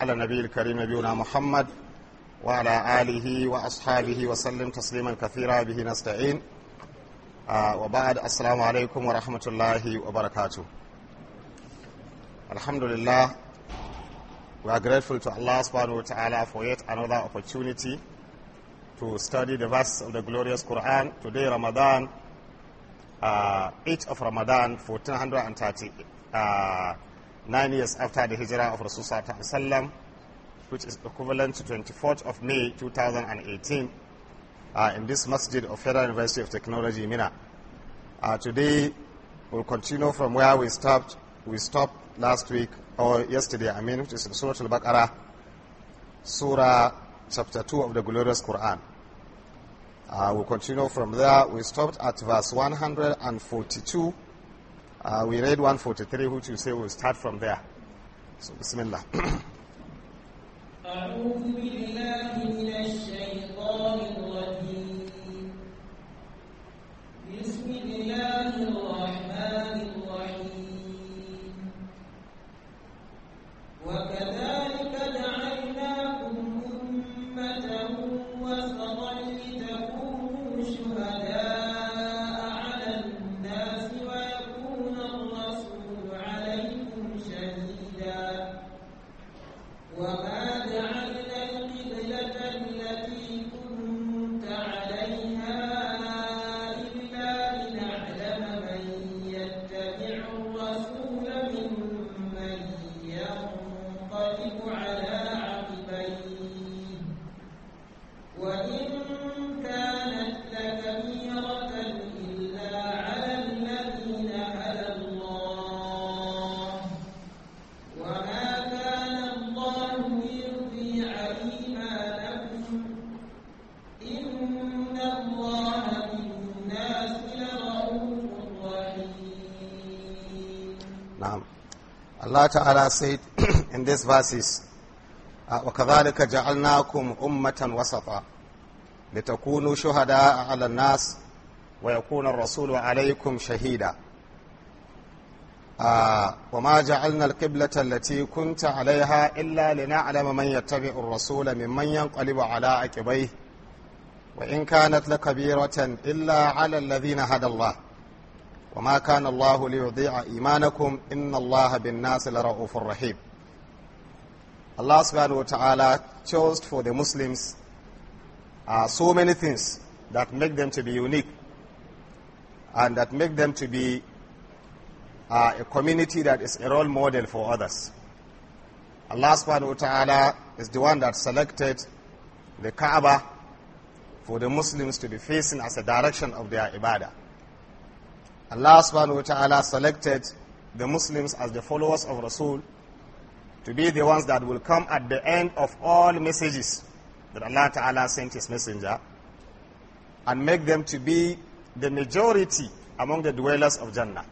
على النبي الكريم نبينا محمد وعلى آله وأصحابه وسلم تسليما كثيرا به نستعين آه وبعد السلام عليكم ورحمة الله وبركاته Alhamdulillah, we are grateful to Allah subhanahu wa ta'ala for yet another opportunity to study the verse of the glorious Quran. Today, Ramadan, uh, 8th of Ramadan, 1438. Uh, nine years after the hijrah of Rasulullah which is equivalent to 24th of May 2018 uh, in this masjid of Federal University of Technology, Mina. Uh, today, we'll continue from where we stopped, we stopped last week, or yesterday, I mean, which is in Surah Al-Baqarah, Surah chapter 2 of the glorious Quran. Uh, we'll continue from there. We stopped at verse 142 uh, we read 143, which you say we'll start from there. So, Bismillah. Na'am. Allah ta'ala said in this verses wa kadhalika ja'alnakum ummatan wasata litakunu shuhada 'ala an-nas wa yakuna ar-rasul 'alaykum shahida. wa ma ja'alna al-qiblata allati kunta 'alayha illa lina'lama man yattabi'u ar-rasula mimman yanqalibu 'ala aqibayhi وإن كانت لكبيرة إلا على الذين هدى الله وما كان الله ليضيع إيمانكم إن الله بالناس لرؤوف رحيم Allah subhanahu wa ta'ala chose for the Muslims uh, so many things that make them to be unique and that make them to be uh, a community that is a role model for others. Allah subhanahu wa ta'ala is the one that selected the Kaaba for the Muslims to be facing as a direction of their ibadah. Allah subhanahu wa ta'ala selected the Muslims as the followers of Rasul to be the ones that will come at the end of all messages that Allah ta'ala sent his messenger and make them to be the majority among the dwellers of Jannah.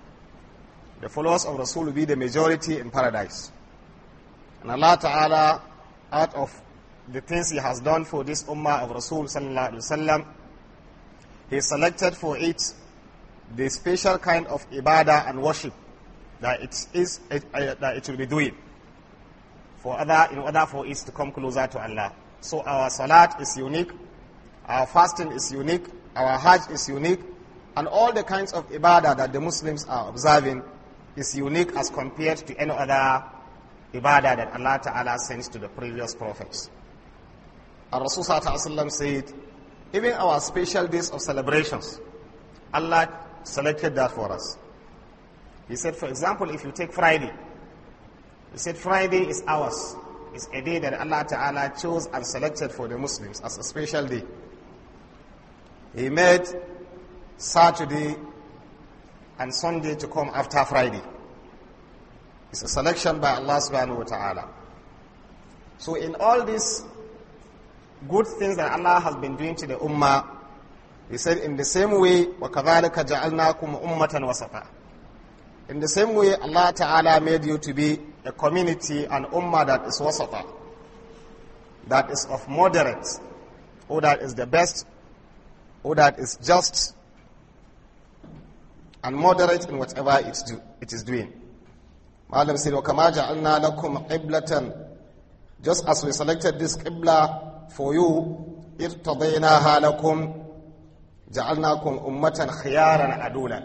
The followers of Rasul will be the majority in paradise. And Allah Ta'ala, out of the things He has done for this Ummah of Rasul Sallallahu Alaihi Wasallam, He selected for it the special kind of ibadah and worship that it is it, uh, that it will be doing for other in order for it to come closer to Allah. So our salat is unique, our fasting is unique, our hajj is unique, and all the kinds of ibadah that the Muslims are observing is unique as compared to any other ibadah that Allah Ta'ala sends to the previous prophets. And Rasul said, even our special days of celebrations, Allah selected that for us. He said, for example, if you take Friday, he said Friday is ours. It's a day that Allah Ta'ala chose and selected for the Muslims as a special day. He made Saturday and Sunday to come after Friday. It's a selection by Allah subhanahu wa ta'ala. So in all these good things that Allah has been doing to the Ummah, he said, in the same way, وَكَذَلِكَ جَعَلْنَاكُمْ أُمَّةً وَسَطًا In the same way, Allah Ta'ala made you to be a community, an ummah that is wasata, that is of moderate, or that is the best, or that is just, and moderate in whatever it, do, it is doing. Malam said, وَكَمَا جَعَلْنَا لَكُمْ قِبْلَةً Just as we selected this qibla for you, إِرْتَضَيْنَاهَا لَكُمْ جعلناكم أمة خيارا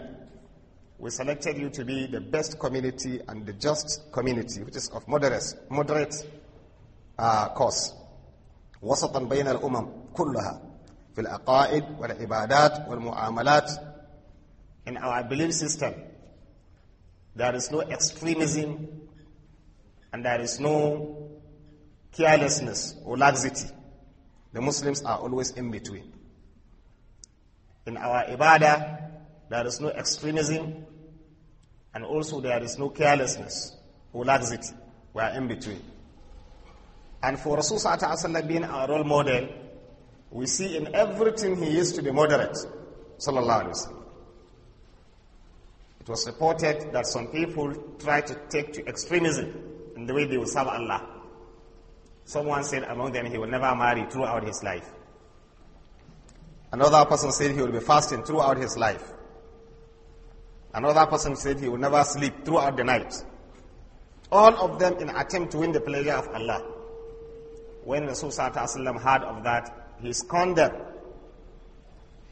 We selected you to be the best community and the just community, which is of moderate, moderate uh, course. وسطا بين الأمم كلها في العقائد والعبادات والمعاملات In our belief system, there is no extremism and there is no carelessness or laxity. The Muslims are always in between in our ibadah, there is no extremism, and also there is no carelessness or laxity. We are in between. And for Rasulullah Sallallahu being our role model, we see in everything he used to be moderate. Sallallahu Alaihi Wasallam. It was reported that some people try to take to extremism in the way they will serve Allah. Someone said among them he will never marry throughout his life. Another person said he will be fasting throughout his life. Another person said he will never sleep throughout the night. All of them in attempt to win the pleasure of Allah. When Rasul heard of that, he scorned them.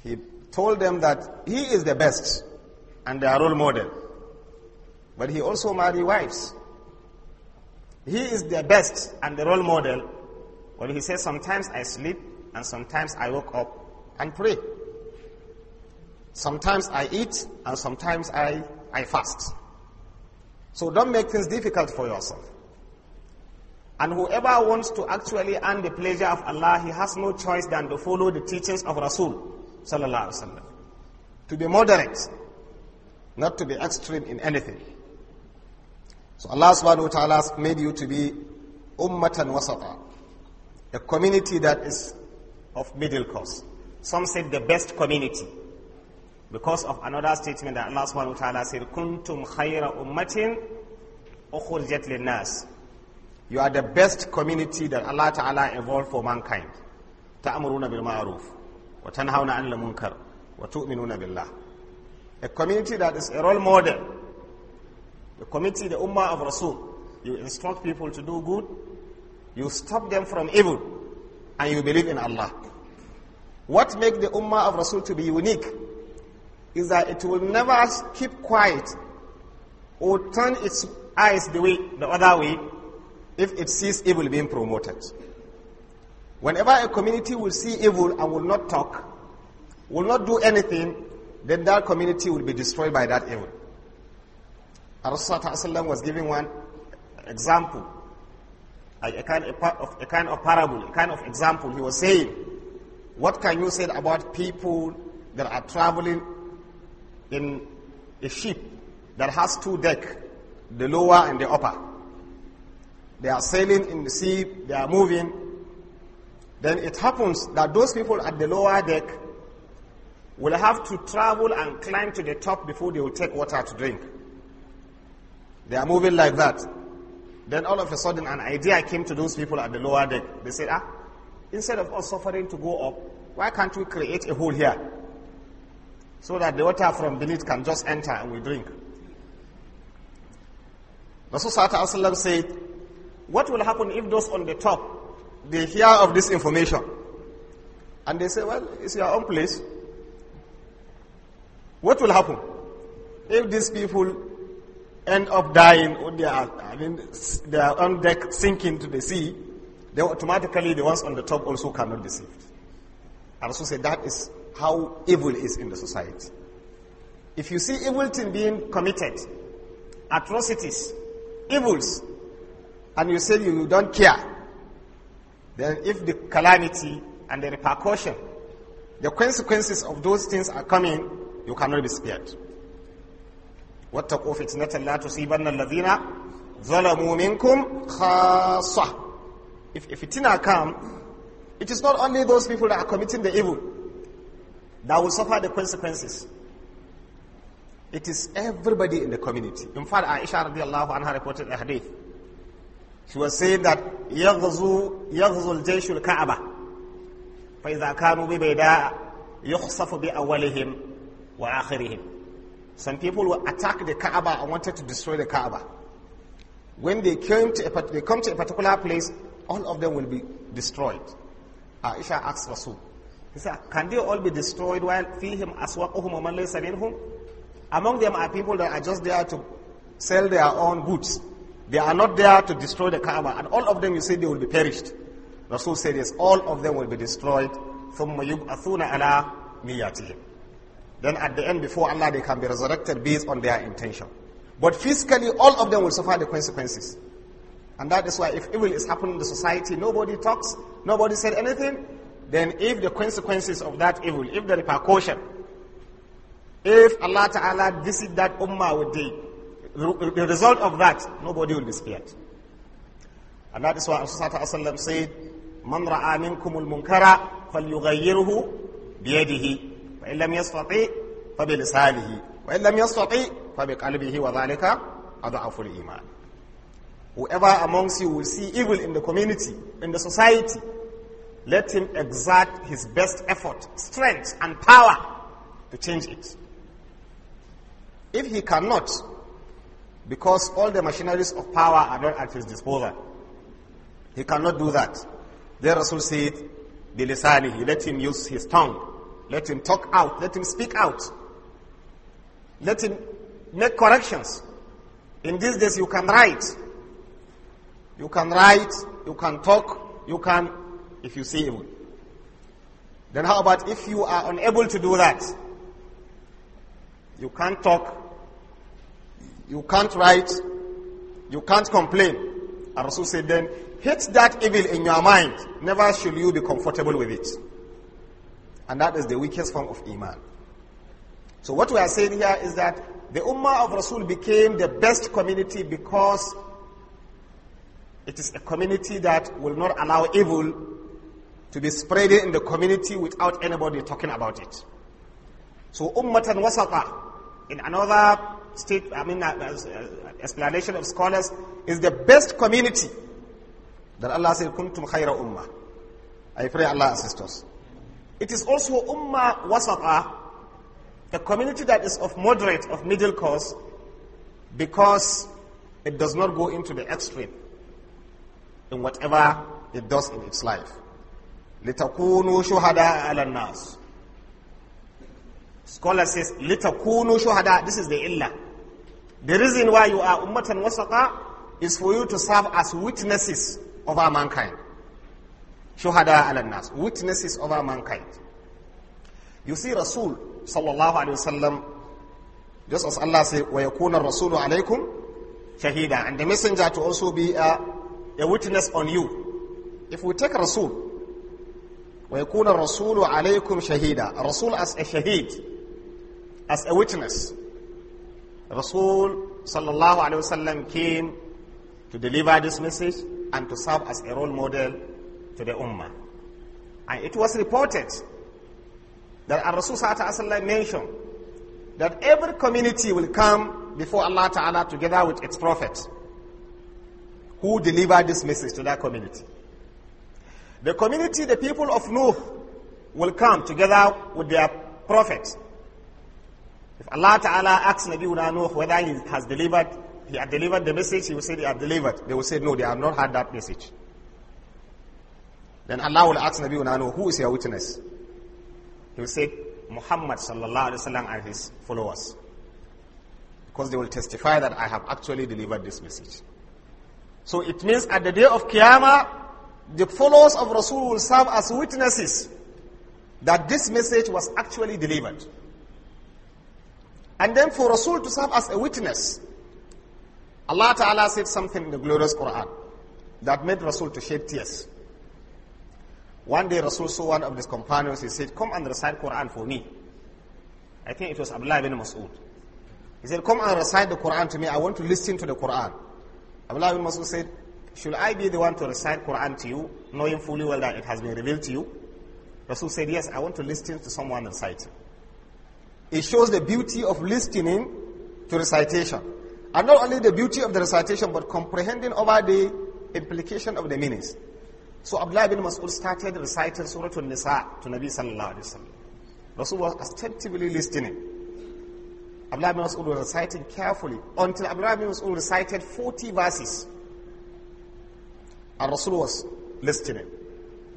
He told them that he is the best and their role model. But he also married wives. He is the best and the role model. But he says, sometimes I sleep and sometimes I woke up and pray. Sometimes I eat and sometimes I, I fast. So don't make things difficult for yourself. And whoever wants to actually earn the pleasure of Allah, he has no choice than to follow the teachings of Rasul sallallahu alaihi wasallam. To be moderate, not to be extreme in anything. So Allah subhanahu wa ta'ala has made you to be ummatan wasata, a community that is of middle course. Some said the best community. Because of another statement that Allah subhanahu wa ta'ala said, Kuntum khayra ummatin ukhurjat linnas. You are the best community that Allah ta'ala evolved for mankind. Ta'amuruna bil ma'aruf. Wa tanhawna 'anil munkar. Wa tu'minuna billah. A community that is a role model. The community, the ummah of Rasul. You instruct people to do good. You stop them from evil. And you believe in Allah. What makes the Ummah of Rasul to be unique is that it will never keep quiet or turn its eyes the, way, the other way if it sees evil being promoted. Whenever a community will see evil and will not talk, will not do anything, then that community will be destroyed by that evil. Rasulullah was giving one example, a, kind, of, a kind of parable, a kind of example. He was saying, what can you say about people that are traveling in a ship that has two decks, the lower and the upper? They are sailing in the sea, they are moving. Then it happens that those people at the lower deck will have to travel and climb to the top before they will take water to drink. They are moving like that. Then all of a sudden, an idea came to those people at the lower deck. They said, ah, Instead of us suffering to go up, why can't we create a hole here? So that the water from beneath can just enter and we drink. Rasul said, What will happen if those on the top they hear of this information? And they say, Well, it's your own place. What will happen if these people end up dying or they are, I mean, they are on deck sinking to the sea then automatically, the ones on the top also cannot be saved. I also say that is how evil is in the society. If you see evil thing being committed, atrocities, evils, and you say you don't care, then if the calamity and the repercussion, the consequences of those things are coming, you cannot be spared. واتقوا فتنة لا تصيبن الذين ظلموا منكم خاصة if, if fitina come, it is not only those people that are committing the evil that will suffer the consequences. It is everybody in the community. In fact, Aisha radiallahu anha reported a hadith. She was saying that يغزو يغزو الجيش الكعبة فإذا كانوا ببيداء يخصف بأولهم وآخرهم. Some people will attack the Kaaba and wanted to destroy the Kaaba. When they came to a, they come to a particular place, all of them will be destroyed. Aisha asks Rasul, he said, can they all be destroyed while فِيهِمْ أَسْوَقُهُمْ وَمَنْ لَيْسَ مِنْهُمْ Among them are people that are just there to sell their own goods. They are not there to destroy the Kaaba. And all of them, you say, they will be perished. Rasul said, yes, all of them will be destroyed. ثُمَّ يُبْعَثُونَ عَلَىٰ نِيَّتِهِمْ Then at the end, before Allah, they can be resurrected based on their intention. But physically, all of them will suffer the consequences. And that is why if evil is happening in the society, nobody talks, nobody said anything, then if the consequences of that evil, if the repercussion, if Allah Ta'ala visit that ummah with the, the result of that, nobody will be spared. And that is why Rasulullah said, من رأى منكم المنكر فليغيره بيده فإن لم يستطيع فبلسانه وإن لم يستطيع فبقلبه وذلك أضعف الإيمان Whoever amongst you will see evil in the community, in the society, let him exert his best effort, strength, and power to change it. If he cannot, because all the machineries of power are not at his disposal, he cannot do that. The Rasul said, Bilisanihi, let him use his tongue. Let him talk out. Let him speak out. Let him make corrections. In these days, you can write. You can write, you can talk, you can, if you see evil. Then how about if you are unable to do that? You can't talk, you can't write, you can't complain. And Rasul said then, hate that evil in your mind. Never should you be comfortable with it. And that is the weakest form of Iman. So what we are saying here is that the Ummah of Rasul became the best community because it is a community that will not allow evil to be spreading in the community without anybody talking about it. So ummatan wasata, in another state, I mean, uh, uh, uh, explanation of scholars, is the best community that Allah said, kuntum khayra ummah. I pray Allah assist us. It is also ummah wasata, a community that is of moderate, of middle course, because it does not go into the extreme in whatever it does in its life. لِتَكُونُوا shuhada al-anas. Scholar says, لِتَكُونُوا shuhada. This is the illah. The reason why you are ummatan wasaka is for you to serve as witnesses of our mankind. Shuhada ala nas. Witnesses of our mankind. You see Rasul sallallahu alayhi wasallam just as Allah said, yakuna Rasulu alaykum شَهِيدًا And the messenger to also be a a witness on you. If we take Rasul, ويكون الرسول عليكم شهيدا Rasul as a shaheed, as a witness. Rasul sallallahu alayhi wasallam came to deliver this message and to serve as a role model to the Ummah. And it was reported that Rasul sallallahu mentioned that every community will come before Allah ta'ala together with its prophet who delivered this message to that community. The community, the people of Nuh, will come together with their prophet. If Allah Ta'ala asks Nabi Nuh whether he has delivered, he had delivered the message, he will say they have delivered. They will say, no, they have not had that message. Then Allah will ask Nabi Nuh, who is your witness? He will say, Muhammad Sallallahu Alaihi Wasallam and his followers. Because they will testify that I have actually delivered this message. So it means at the day of Qiyamah, the followers of Rasul will serve as witnesses that this message was actually delivered. And then for Rasul to serve as a witness, Allah Ta'ala said something in the glorious Quran that made Rasul to shed tears. One day Rasul saw one of his companions, he said, come and recite Quran for me. I think it was Abdullah ibn Mas'ud. He said, come and recite the Quran to me, I want to listen to the Quran. Abdullah ibn Masud said, Should I be the one to recite Quran to you, knowing fully well that it has been revealed to you? Rasul said, Yes, I want to listen to someone reciting. It shows the beauty of listening to recitation. And not only the beauty of the recitation, but comprehending over the implication of the meanings. So Abdullah ibn Mas'ud started reciting Surah Al-Nisa to Nabi sallallahu Alaihi Wasallam. Rasul was attentively listening. Abdullah ibn Mas'ud was reciting carefully until Abdullah ibn Mas'ud recited 40 verses. And Rasul was listening.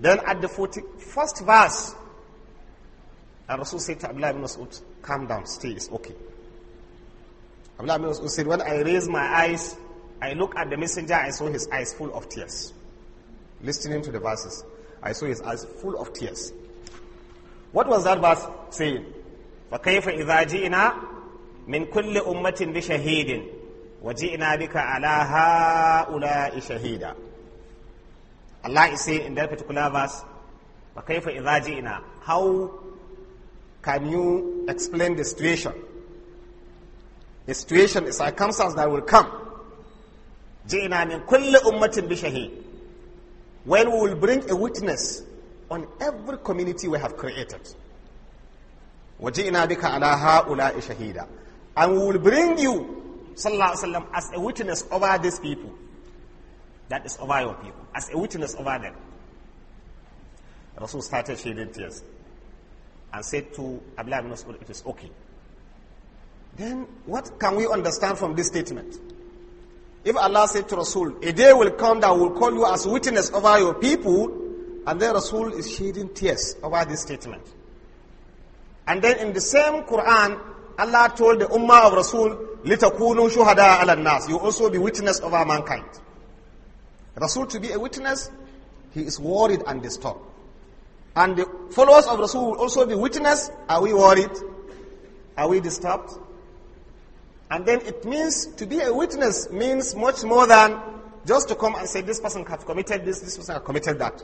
Then at the 41st verse, and Rasul said to Abdullah Mas'ud, calm down, stay, it's okay. Abdullah Mas'ud said, when I raised my eyes, I looked at the messenger, I saw his eyes full of tears. Listening to the verses, I saw his eyes full of tears. What was that verse saying? فَكَيْفَ إِذَا جِئِنَا min kulli ummatin bi shahidin waji'na bika ala ha'ula'i shahida Allah is saying in that particular verse wa kaifa idza ji'na how can you explain the situation the situation the circumstance that will come ji'na min kulli ummatin bi when we will bring a witness on every community we have created. وَجِئْنَا بِكَ عَلَى هَؤُلَاءِ shahida. And we will bring you, sallallahu alayhi as a witness over these people. That is over your people. As a witness over them. Rasul started shedding tears and said to Abdullah ibn Mas'ud, it is okay. Then what can we understand from this statement? If Allah said to Rasul, a day will come that will call you as witness over your people, and then Rasul is shedding tears over this statement. And then in the same Quran, Allah told the Ummah of Rasul, لِتَكُونُوا شُهَدَاءَ عَلَى النَّاسِ You also be witness of our mankind. Rasul to be a witness, he is worried and disturbed. And the followers of Rasul will also be witness. Are we worried? Are we disturbed? And then it means to be a witness means much more than just to come and say this person has committed this, this person has committed that.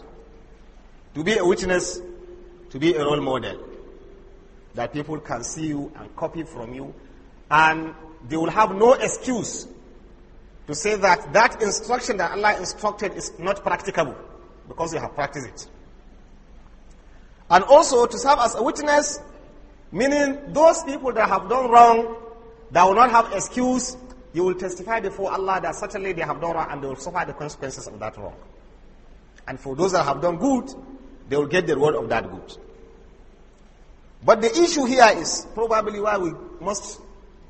To be a witness, to be a role model that people can see you and copy from you, and they will have no excuse to say that that instruction that Allah instructed is not practicable because you have practiced it. And also to serve as a witness, meaning those people that have done wrong, that will not have excuse, you will testify before Allah that certainly they have done wrong and they will suffer the consequences of that wrong. And for those that have done good, they will get the reward of that good. But the issue here is probably why we most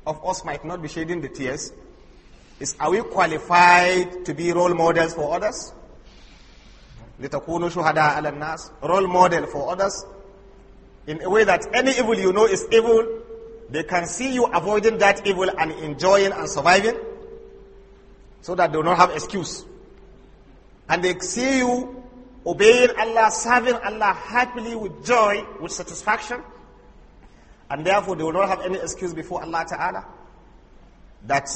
of us might not be shedding the tears is are we qualified to be role models for others? لِتَكُونُوا شُهَدَاءَ عَلَى النَّاسِ Role model for others in a way that any evil you know is evil, they can see you avoiding that evil and enjoying and surviving so that they do not have excuse. And they see you obeying Allah, serving Allah happily with joy, with satisfaction, and therefore, they will not have any excuse before Allah Ta'ala that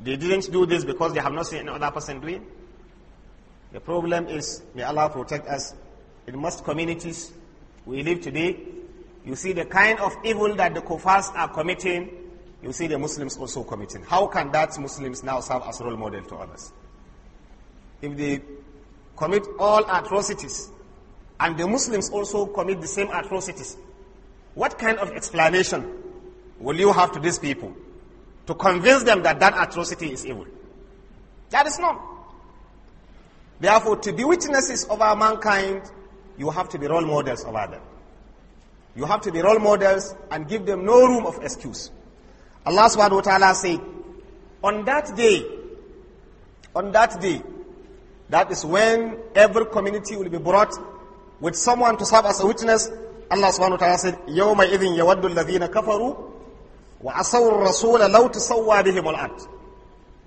they didn't do this because they have not seen any other person doing. The problem is, may Allah protect us. In most communities we live today, you see the kind of evil that the kuffars are committing, you see the Muslims also committing. How can that Muslims now serve as role model to others? If they commit all atrocities, and the Muslims also commit the same atrocities, what kind of explanation will you have to these people to convince them that that atrocity is evil? That is not. Therefore, to be witnesses of our mankind, you have to be role models of others. You have to be role models and give them no room of excuse. Allah subhanahu wa ta'ala said, on that day, on that day, that is when every community will be brought with someone to serve as a witness Allah subhanahu wa ta'ala said, Yawma idhin yawaddu alladhina kafaru wa asaw ar-rasula law tusawwa bihim al-ard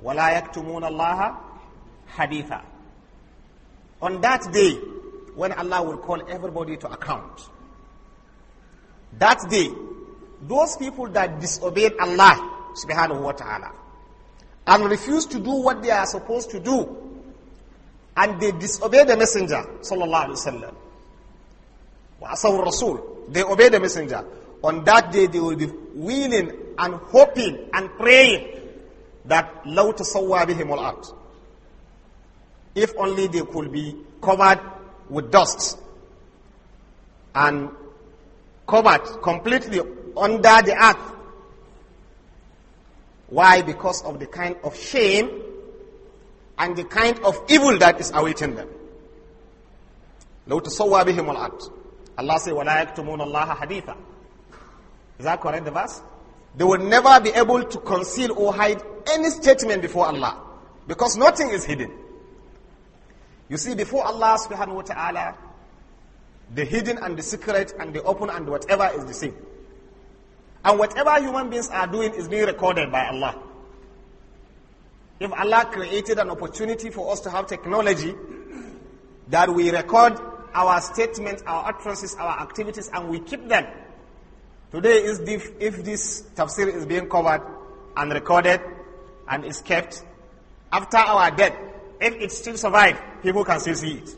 wa la yaktumuna Allah haditha. On that day when Allah will call everybody to account. That day those people that disobeyed Allah subhanahu wa ta'ala and refused to do what they are supposed to do and they disobeyed the messenger sallallahu alaihi wasallam Rasul. They obey the messenger. On that day, they will be willing and hoping and praying that لو تسوى بهم الأرض. If only they could be covered with dust and covered completely under the earth. Why? Because of the kind of shame and the kind of evil that is awaiting them. لو تسوى بهم الأرض Allah says, وَلَا يَكْتُمُونَ haditha Is that correct, the verse? They will never be able to conceal or hide any statement before Allah. Because nothing is hidden. You see, before Allah subhanahu wa ta'ala, the hidden and the secret and the open and whatever is the same. And whatever human beings are doing is being recorded by Allah. If Allah created an opportunity for us to have technology that we record our statements, our utterances, our activities, and we keep them. Today, is if, if this tafsir is being covered and recorded and is kept, after our death, if it still survives, people can still see it.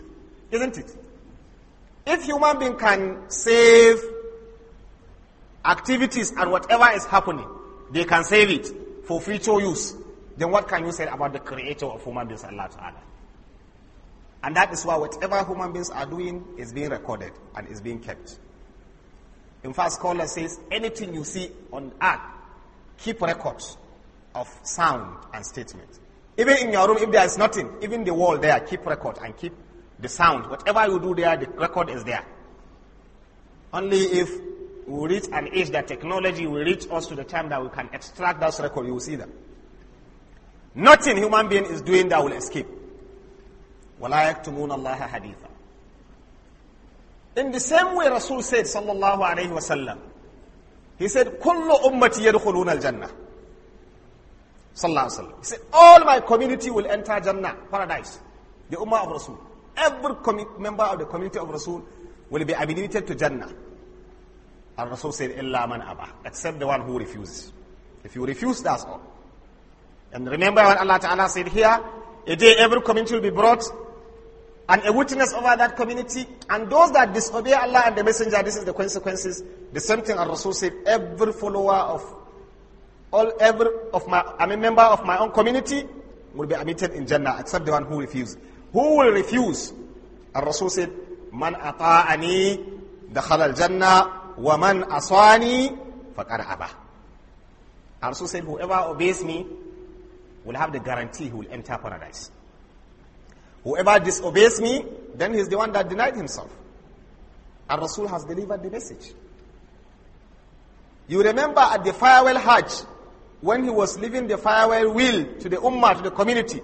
Isn't it? If human being can save activities and whatever is happening, they can save it for future use, then what can you say about the creator of human beings, Allah Ta'ala? And that is why whatever human beings are doing is being recorded and is being kept. In fact, scholar says anything you see on earth, keep records of sound and statement. Even in your room, if there is nothing, even the wall there, keep record and keep the sound. Whatever you do there, the record is there. Only if we reach an age that technology will reach us to the time that we can extract that record, you will see them. Nothing human being is doing that will escape. وَلَا يَكْتُمُونَ اللَّهَ حَدِيثًا In the same way Rasul said, sallallahu alayhi wasallam, he said, كُلُّ أُمَّتِ يَدْخُلُونَ الْجَنَّةِ Sallallahu alayhi wasallam. He said, all my community will enter Jannah, paradise, the Ummah of Rasul. Every member of the community of Rasul will be admitted to Jannah. And Rasul said, "Illa man أَبَى Except the one who refuses. If you refuse, that's all. And remember when Allah Ta'ala said here, a day every community will be brought and a witness over that community. And those that disobey Allah and the Messenger, this is the consequences. The same thing Al Rasul said, every follower of all every of my I'm a member of my own community will be admitted in Jannah, except the one who refuses. Who will refuse? Al Rasul said, Man ata'ani dakhala al Jannah wa man asani faqad abah. Al Rasul said, Whoever obeys me will have the guarantee he will enter paradise. Whoever disobeys me, then he's the one that denied himself. And Rasul has delivered the message. You remember at the farewell Hajj, when he was leaving the farewell will to the Ummah, to the community,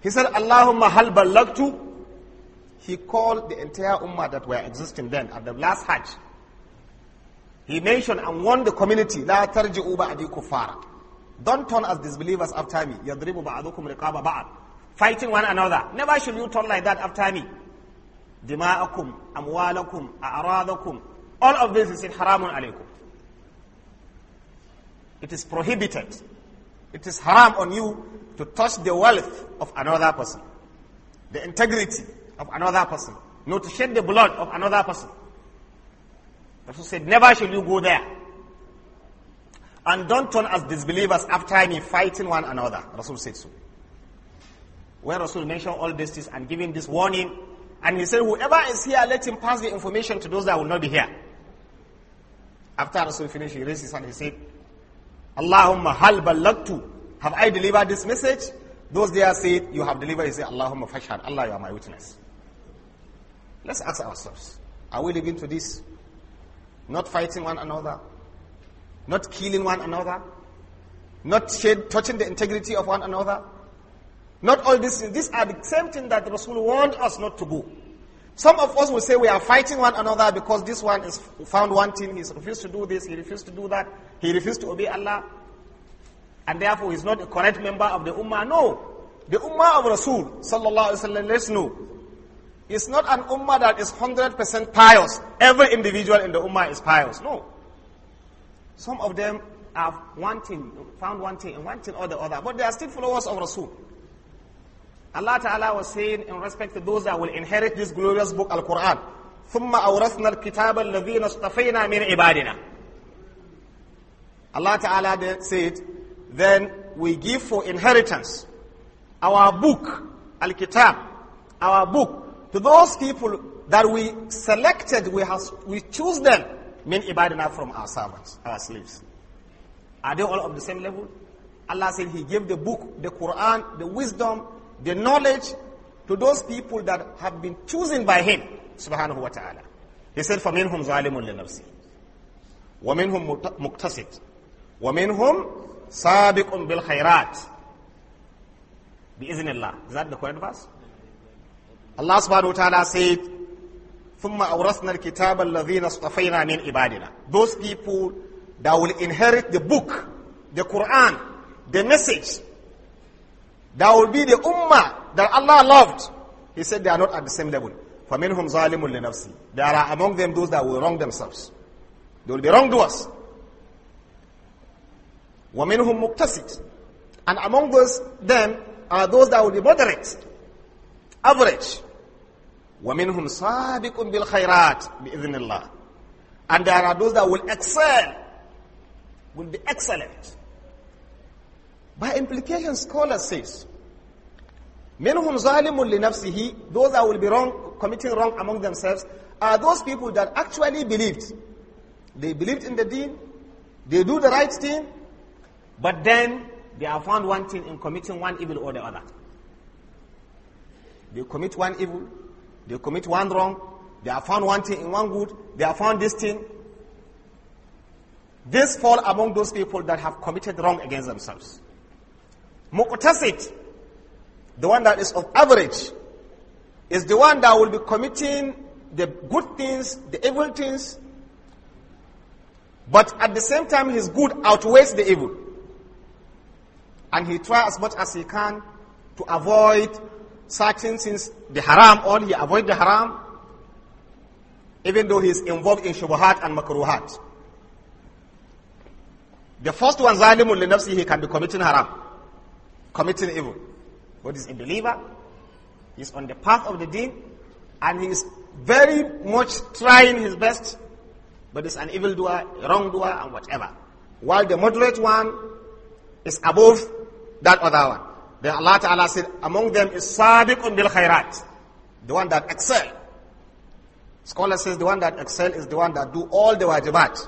he said, Allahumma hal ballagtu. He called the entire Ummah that were existing then at the last Hajj. He mentioned and warned the community, La tarji'u ba'di kufara. Don't turn as disbelievers after me. Yadribu ba'adukum rikaba ba'ad fighting one another. Never should you talk like that after me. Dima'akum, amwalakum, a'radakum. All of this is in haramun alaykum. It is prohibited. It is haram on you to touch the wealth of another person, the integrity of another person, not to shed the blood of another person. Rasul said, never shall you go there. And don't turn as disbelievers after me, fighting one another. Rasul said so where Rasul mentioned all these things and giving this warning. And he said, whoever is here, let him pass the information to those that will not be here. After Rasul finished, he raised his hand and he said, Allahumma hal balagtu. Have I delivered this message? Those there said, you have delivered. He said, Allahumma fashhad. Allah, you are my witness. Let's ask ourselves, are we living to this? Not fighting one another? Not killing one another? Not touching the integrity of one another? Not all these things. These are the same thing that Rasul warned us not to do. Some of us will say we are fighting one another because this one is found thing, He refused to do this. He refused to do that. He refused to obey Allah. And therefore he's not a correct member of the Ummah. No. The Ummah of Rasul, sallallahu alayhi wa let's know. It's not an Ummah that is 100% pious. Every individual in the Ummah is pious. No. Some of them have one thing, found one thing, and one thing or the other. But they are still followers of Rasul. Allah Ta'ala was saying in respect to those that will inherit this glorious book, Al-Quran, ثُمَّ أَوْرَثْنَا الْكِتَابَ مِنْ Allah Ta'ala said, then we give for inheritance our book, Al-Kitab, our book, to those people that we selected, we, has, we choose them, min ibadina from our servants, our slaves. Are they all of the same level? Allah said He gave the book, the Quran, the wisdom, the knowledge to those people that have been chosen by him subhanahu wa ta'ala he said فَمِنْهُمْ ظَالِمٌ لِنَفْسِهِ وَمِنْهُمْ مُقْتَصِدٌ وَمِنْهُمْ bil بِالْخَيْرَاتِ bi اللَّهِ is that the correct verse? Allah subhanahu wa ta'ala said ثُمَّ أَوْرَثْنَا الْكِتَابَ الَّذِينَ اصْطَفَيْنَا مِنْ عِبَادِنَا those people that will inherit the book the Quran the message that will be the ummah that Allah loved. He said they are not at the same level. For men ظَالِمٌ لِنَفْسِهِ There are among them those that will wrong themselves. They will be wrongdoers. وَمِنْهُمْ مُقْتَسِدٌ And among those, them are those that will be moderate, average. وَمِنْهُمْ سَابِقٌ bil بِإِذْنِ اللَّهِ And there are those that will excel, will be excellent. By implication, scholar says, Minhum zalimun li nafsihi, those that will be wrong, committing wrong among themselves, are those people that actually believed. They believed in the deen, they do the right thing, but then they are found wanting in committing one evil or the other. They commit one evil, they commit one wrong, they are found wanting in one good, they are found this thing. This fall among those people that have committed wrong against themselves. Muqtasid, the one that is of average, is the one that will be committing the good things, the evil things, but at the same time his good outweighs the evil. And he tries as much as he can to avoid certain things, the haram, all he avoid the haram, even though he is involved in shubuhat and makruhat. The first one, zalimul linafsi, he can be committing haram committing evil. But he's a believer, he's on the path of the deen, and he's very much trying his best, but he's an evildoer, wrongdoer, and whatever. While the moderate one is above that other one. Then Allah Ta'ala said, among them is Sadiqun bil khairat, the one that excel. Scholar says the one that excel is the one that do all the wajibat.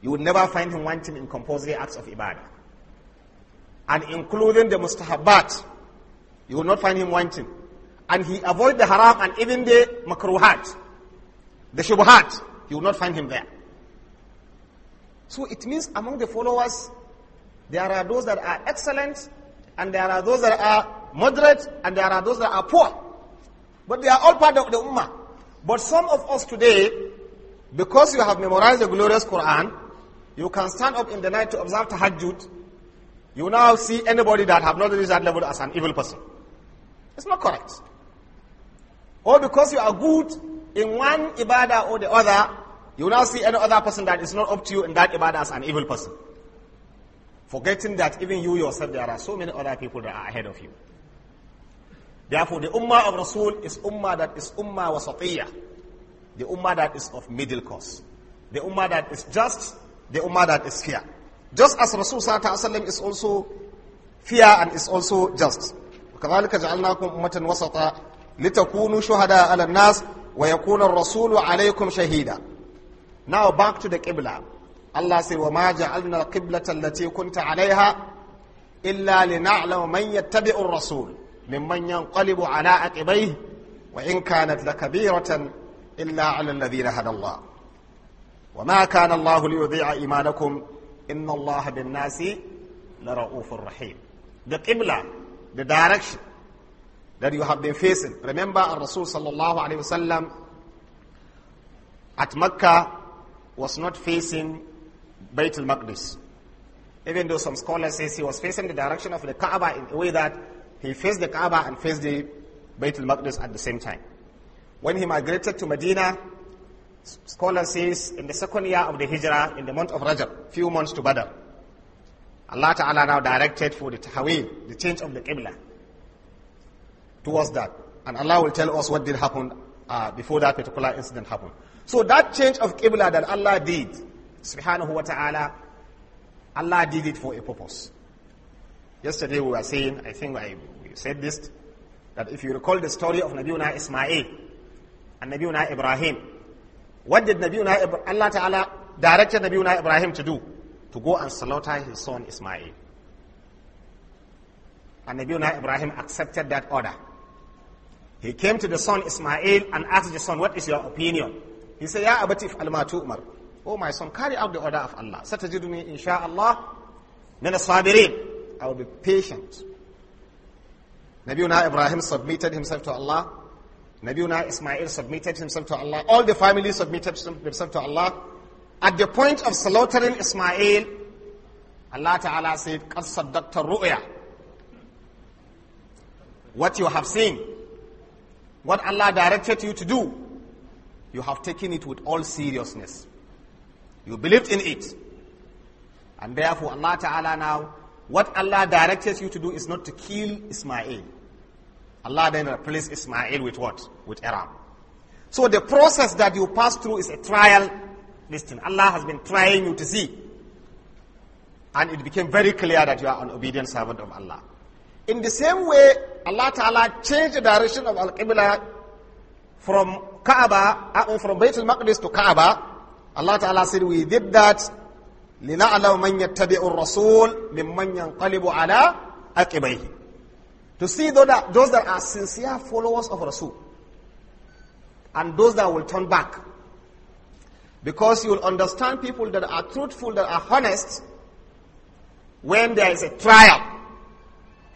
You will never find him wanting in compulsory acts of ibadah and including the mustahabbat, you will not find him wanting. And he avoid the haram and even the makruhat, the shubhat, you will not find him there. So it means among the followers, there are those that are excellent, and there are those that are moderate, and there are those that are poor. But they are all part of the ummah. But some of us today, because you have memorized the glorious Quran, you can stand up in the night to observe tahajjud, you now see anybody that have not reached that level as an evil person. It's not correct. Or because you are good in one ibadah or the other, you now see any other person that is not up to you in that ibadah as an evil person. Forgetting that even you yourself, there are so many other people that are ahead of you. Therefore, the ummah of Rasul is ummah that is ummah wasatiyah. The ummah that is of middle course. The ummah that is just, the ummah that is here. just as rasul sata asalin wasallam is also fair and is also just kazalika ja'alnakum ummatan wasata litakunu shuhada ala nas wa yakuna ar-rasulu alaykum shahida now back to the qibla allah say wa ma ja'alna al-qiblata allati kunta alayha illa lina'lama man yattabi'u ar-rasul mimman yanqalibu ala aqibayhi wa in kanat lakabiratan illa ala alladhina hada wa ma kana allah liyudhi'a imanakum Inna Allah bin Nasi Lara'ufur Rahim. The Qibla, the direction that you have been facing. Remember, Rasul sallallahu alayhi wasallam at Makkah was not facing Bayt al-Maqdis. Even though some scholars say he was facing the direction of the Kaaba in a way that he faced the Kaaba and faced the Bayt al-Maqdis at the same time. When he migrated to Medina, scholar says in the second year of the Hijrah, in the month of Rajab, few months to Badr, Allah Ta'ala now directed for the Tahaweel, the change of the Qibla, towards that. And Allah will tell us what did happen uh, before that particular incident happened. So that change of Qibla that Allah did, subhanahu wa ta'ala, Allah did it for a purpose. Yesterday we were saying, I think I said this, that if you recall the story of Nabiuna Ismail and Nabiuna Ibrahim, what did Nabiuna, Allah Ta'ala directed Nabiuna Ibrahim to do? To go and slaughter his son Ismail. And Nabiuna Ibrahim accepted that order. He came to the son Ismail and asked the son, what is your opinion? He said, Ya abatif al umar. Oh my son, carry out the order of Allah. Satajiduni insha'Allah min sabirin. I will be patient. Nabiuna Ibrahim submitted himself to Allah Nabiuna Ismail submitted himself to Allah. All the family submitted themselves to Allah. At the point of slaughtering Ismail, Allah Ta'ala said, قَدْ صَدَّقْتَ What you have seen, what Allah directed you to do, you have taken it with all seriousness. You believed in it. And therefore Allah Ta'ala now, what Allah directed you to do is not to kill Ismail. Allah then replaced Ismail with what? With Aram. So the process that you pass through is a trial. Listen, Allah has been trying you to see. And it became very clear that you are an obedient servant of Allah. In the same way, Allah Ta'ala changed the direction of Al-Qibla from Kaaba, uh, from Bayt al-Maqdis to Kaaba. Allah Ta'ala said, we did that لنعلم من يتبع الرسول ممن ينقلب على عقبيه to see those that, those that are sincere followers of Rasul and those that will turn back. Because you will understand people that are truthful, that are honest, when there is a trial.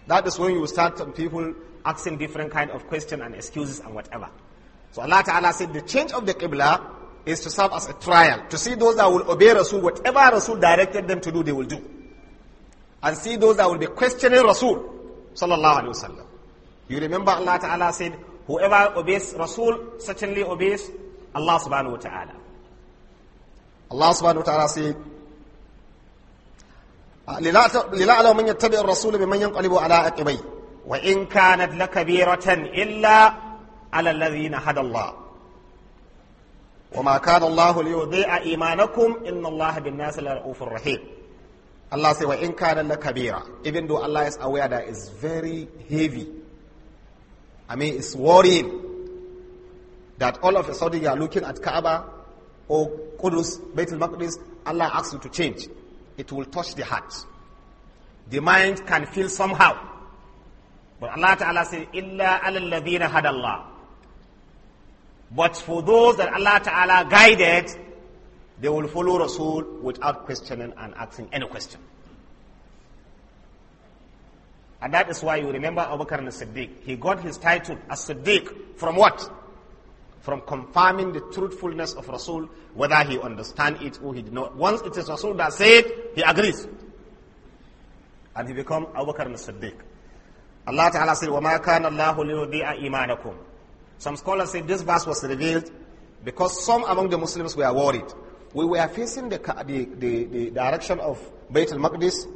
That is when you start people asking different kind of questions and excuses and whatever. So Allah Ta'ala said the change of the Qibla is to serve as a trial. To see those that will obey Rasul, whatever Rasul directed them to do, they will do. And see those that will be questioning Rasul. Sallallahu Alaihi Wasallam. You remember Allah Ta'ala said, whoever obeys Rasul certainly obeys Allah Subhanahu Wa Ta'ala. Allah Subhanahu Wa Ta'ala said, للعلى من يتبع الرسول بمن ينقلب على عقبيه وإن كانت لكبيرة إلا على الذين هدى الله وما كان الله ليضيع إيمانكم إن الله بالناس لرؤوف رحيم Allah said, وَإِنْ كَانَ لَكَبِيرًا Even though Allah is aware that it's very heavy. I mean, it's worrying that all of a sudden you are looking at Kaaba or Qudus, Baitul Maqdis, Allah asks you to change. It will touch the heart. The mind can feel somehow. But Allah Ta'ala says, "Illa al-ladina هَدَى But for those that Allah Ta'ala guided, they will follow Rasul without questioning and asking any question. And that is why you remember Abu Bakr siddiq He got his title as Siddiq from what? From confirming the truthfulness of Rasul, whether he understand it or he did not. Once it is Rasul that said, he agrees. And he become Abu Bakr siddiq Allah Ta'ala said, وَمَا كَانَ اللَّهُ لِيُضِيعَ إِيمَانَكُمْ Some scholars say this verse was revealed because some among the Muslims were worried we were facing the, the, the, the direction of Bayt al-Maqdis,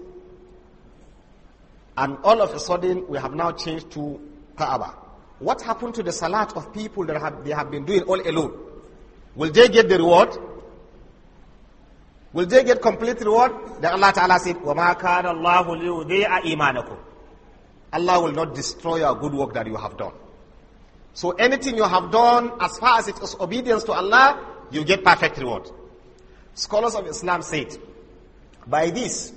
and all of a sudden we have now changed to Kaaba. What happened to the salat of people that have, they have been doing all alone? Will they get the reward? Will they get complete reward? Then Allah Ta'ala said, وَمَا كَانَ اللَّهُ are إِيمَانَكُمْ Allah will not destroy your good work that you have done. So anything you have done, as far as it is obedience to Allah, you get perfect reward. Scholars of Islam said, by this,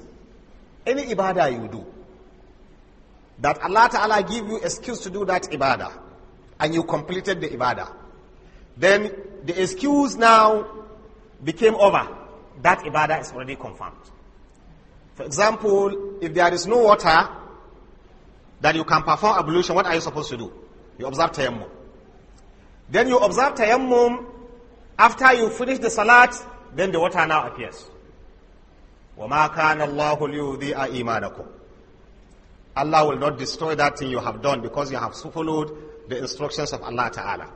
any ibadah you do, that Allah Ta'ala give you excuse to do that ibadah, and you completed the ibadah, then the excuse now became over. That ibadah is already confirmed. For example, if there is no water that you can perform ablution, what are you supposed to do? You observe tayammum. Then you observe tayammum after you finish the salat, then the water now appears. وَمَا كَانَ اللَّهُ لِيُذِيءَ إِيمَانَكُمْ Allah will not destroy that thing you have done because you have followed the instructions of Allah Ta'ala.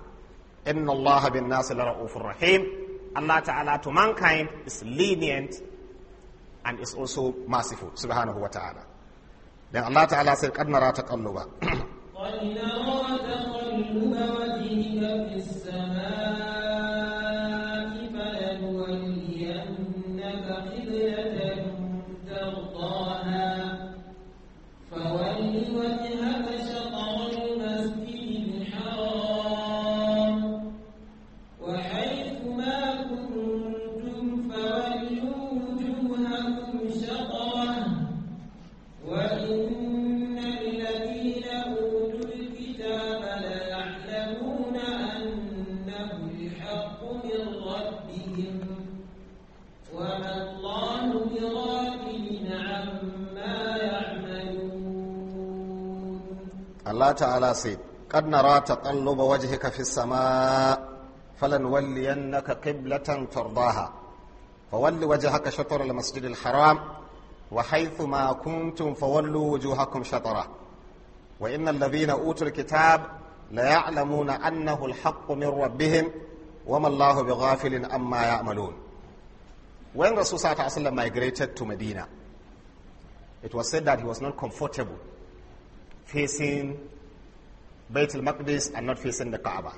إِنَّ اللَّهَ بِالنَّاسِ لَرَؤُوفٌ رَحِيمٌ Allah Ta'ala to mankind is lenient and is also merciful. Subhanahu wa Ta'ala. Then Allah Ta'ala said, قَدْ نَرَى تَقَلُّبًا ta'ala sai qad narata talluba wajhika fis samaa falan walliyannaka qiblatan tardaha fa walli wajhaka shatr al masjid al haram wa haythu ma kuntum fawallu wujuhakum shatr wa inna alladhina utul kitab la ya'lamuna annahu al haqq min rabbihim wama allahu bighafilin amma ya'malun when rasul sallallahu alaihi wasallam migrated to medina it was said that he was not comfortable facing Bayt al-Maqdis and not facing the Kaaba.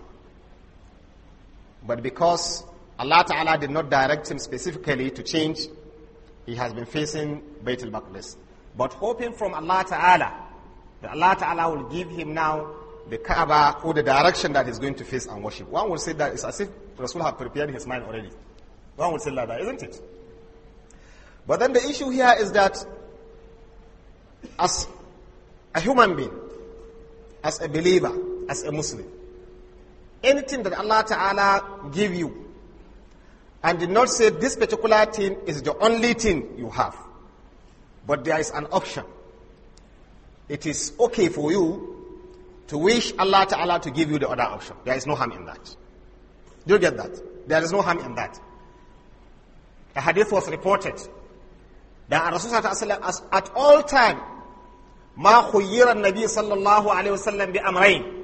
But because Allah Ta'ala did not direct him specifically to change, he has been facing Bayt al-Maqdis. But hoping from Allah Ta'ala, that Allah Ta'ala will give him now the Kaaba or the direction that he's going to face and worship. One would say that it's as if Rasul had prepared his mind already. One would say like that, isn't it? But then the issue here is that as a human being, as a believer, as a Muslim. Anything that Allah Ta'ala give you, and did not say this particular thing is the only thing you have, but there is an option. It is okay for you to wish Allah Ta'ala to give you the other option. There is no harm in that. Do you get that? There is no harm in that. A hadith was reported that Rasulullah at all time Ma khuyira Nabi sallallahu alayhi wasallam bi amrayn.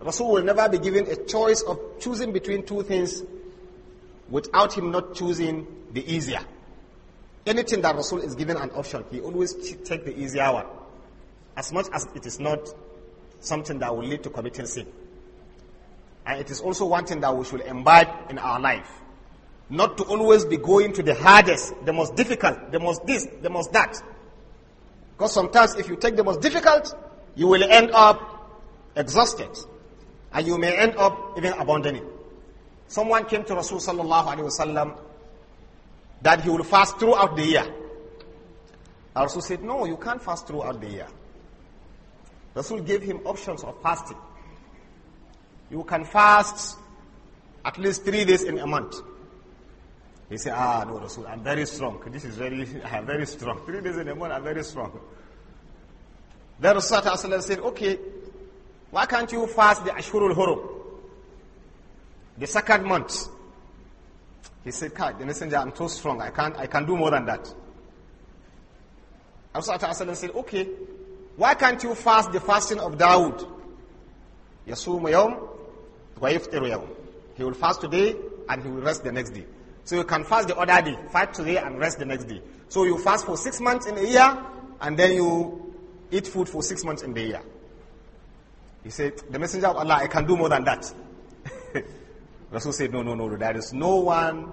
Rasul will never be given a choice of choosing between two things without him not choosing the easier. Anything that Rasul is given an option, he always take the easier one. As much as it is not something that will lead to committing sin. And it is also one thing that we should imbibe in our life. Not to always be going to the hardest, the most difficult, the most this, the most that. Because sometimes if you take the most difficult, you will end up exhausted. And you may end up even abandoning. Someone came to Rasul sallallahu alayhi that he will fast throughout the year. Rasul said, no, you can't fast throughout the year. Rasul gave him options of fasting. You can fast at least three days in a month. He said, Ah, no, Rasul, I'm very strong. This is very, I'm very strong. Three days in a month, I'm very strong. Then Rasul said, Okay, why can't you fast the Ashurul Hurum? The second month. He said, God, the messenger, I'm too strong. I can't, I can do more than that. Rasul said, Okay, why can't you fast the fasting of Dawood? Yasumu yawm wa yiftiru yawm. He will fast today and he will rest the next day. So you can fast the other day, fight today and rest the next day. So you fast for six months in a year, and then you eat food for six months in the year. He said, The Messenger of Allah, I can do more than that. Rasul said, No, no, no, there is no one,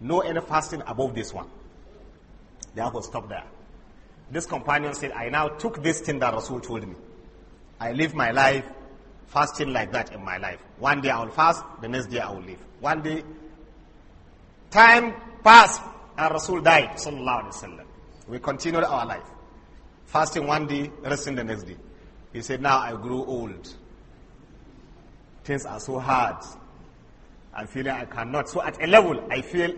no any fasting above this one. Therefore, stop there. This companion said, I now took this thing that Rasul told me. I live my life fasting like that in my life. One day I will fast, the next day I will live. One day Time passed and Rasul died, sallallahu alayhi wasallam. We continued our life. Fasting one day, resting the next day. He said, now I grow old. Things are so hard. I'm feeling I cannot. So at a level, I feel,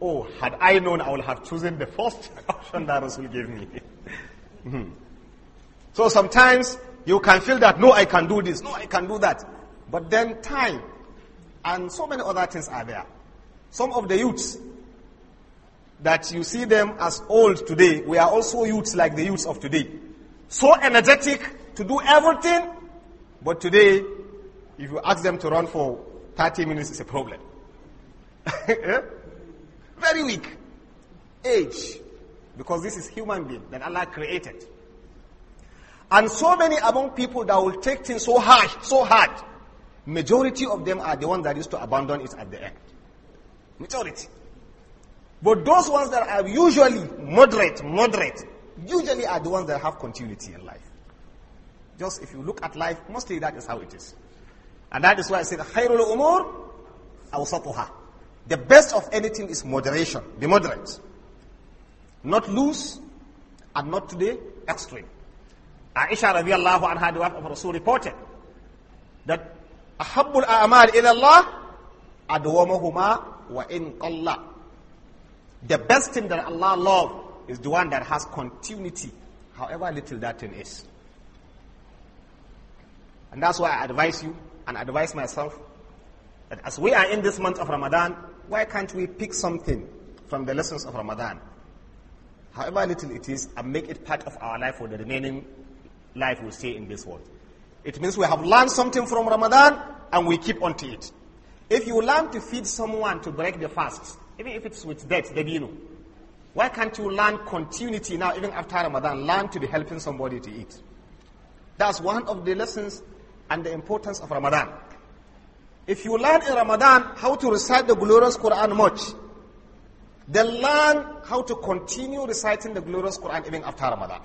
oh, had I known, I would have chosen the first option that Rasul gave me. hmm. so sometimes you can feel that, no, I can do this, no, I can do that. But then time and so many other things are there. Some of the youths that you see them as old today, we are also youths like the youths of today. So energetic to do everything, but today, if you ask them to run for 30 minutes, it's a problem. Very weak. Age. Because this is human being that Allah created. And so many among people that will take things so hard, so hard, majority of them are the ones that used to abandon it at the end. Majority. But those ones that are usually moderate, moderate, usually are the ones that have continuity in life. Just if you look at life, mostly that is how it is. And that is why I the Khairul Umur, awsatuha. The best of anything is moderation. Be moderate. Not loose, and not to the extreme. Aisha radiallahu anha, the wife of Rasul, reported that أحب الأعمال إلى الله أدومهما wa in qalla. The best thing that Allah loves is the one that has continuity, however little that thing is. And that's why I advise you and advise myself that as we are in this month of Ramadan, why can't we pick something from the lessons of Ramadan? However little it is, and make it part of our life for the remaining life we we'll stay in this world. It means we have learned something from Ramadan and we keep on to it. If you learn to feed someone to break the fast, even if it's with dates, they know. Why can't you learn continuity now, even after Ramadan? Learn to be helping somebody to eat. That's one of the lessons and the importance of Ramadan. If you learn in Ramadan how to recite the glorious Quran much, then learn how to continue reciting the glorious Quran even after Ramadan.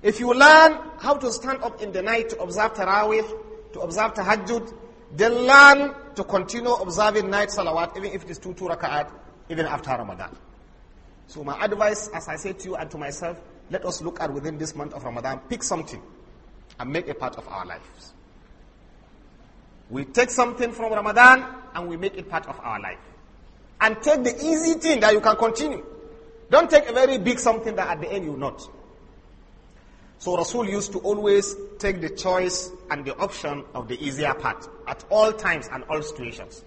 If you learn how to stand up in the night to observe Taraweeh, to observe Tahajjud, they learn to continue observing night salawat, even if it is two, two raka'at, even after Ramadan. So my advice, as I say to you and to myself, let us look at within this month of Ramadan, pick something and make a part of our lives. We take something from Ramadan and we make it part of our life. And take the easy thing that you can continue. Don't take a very big something that at the end you not. So Rasul used to always take the choice and the option of the easier path at all times and all situations.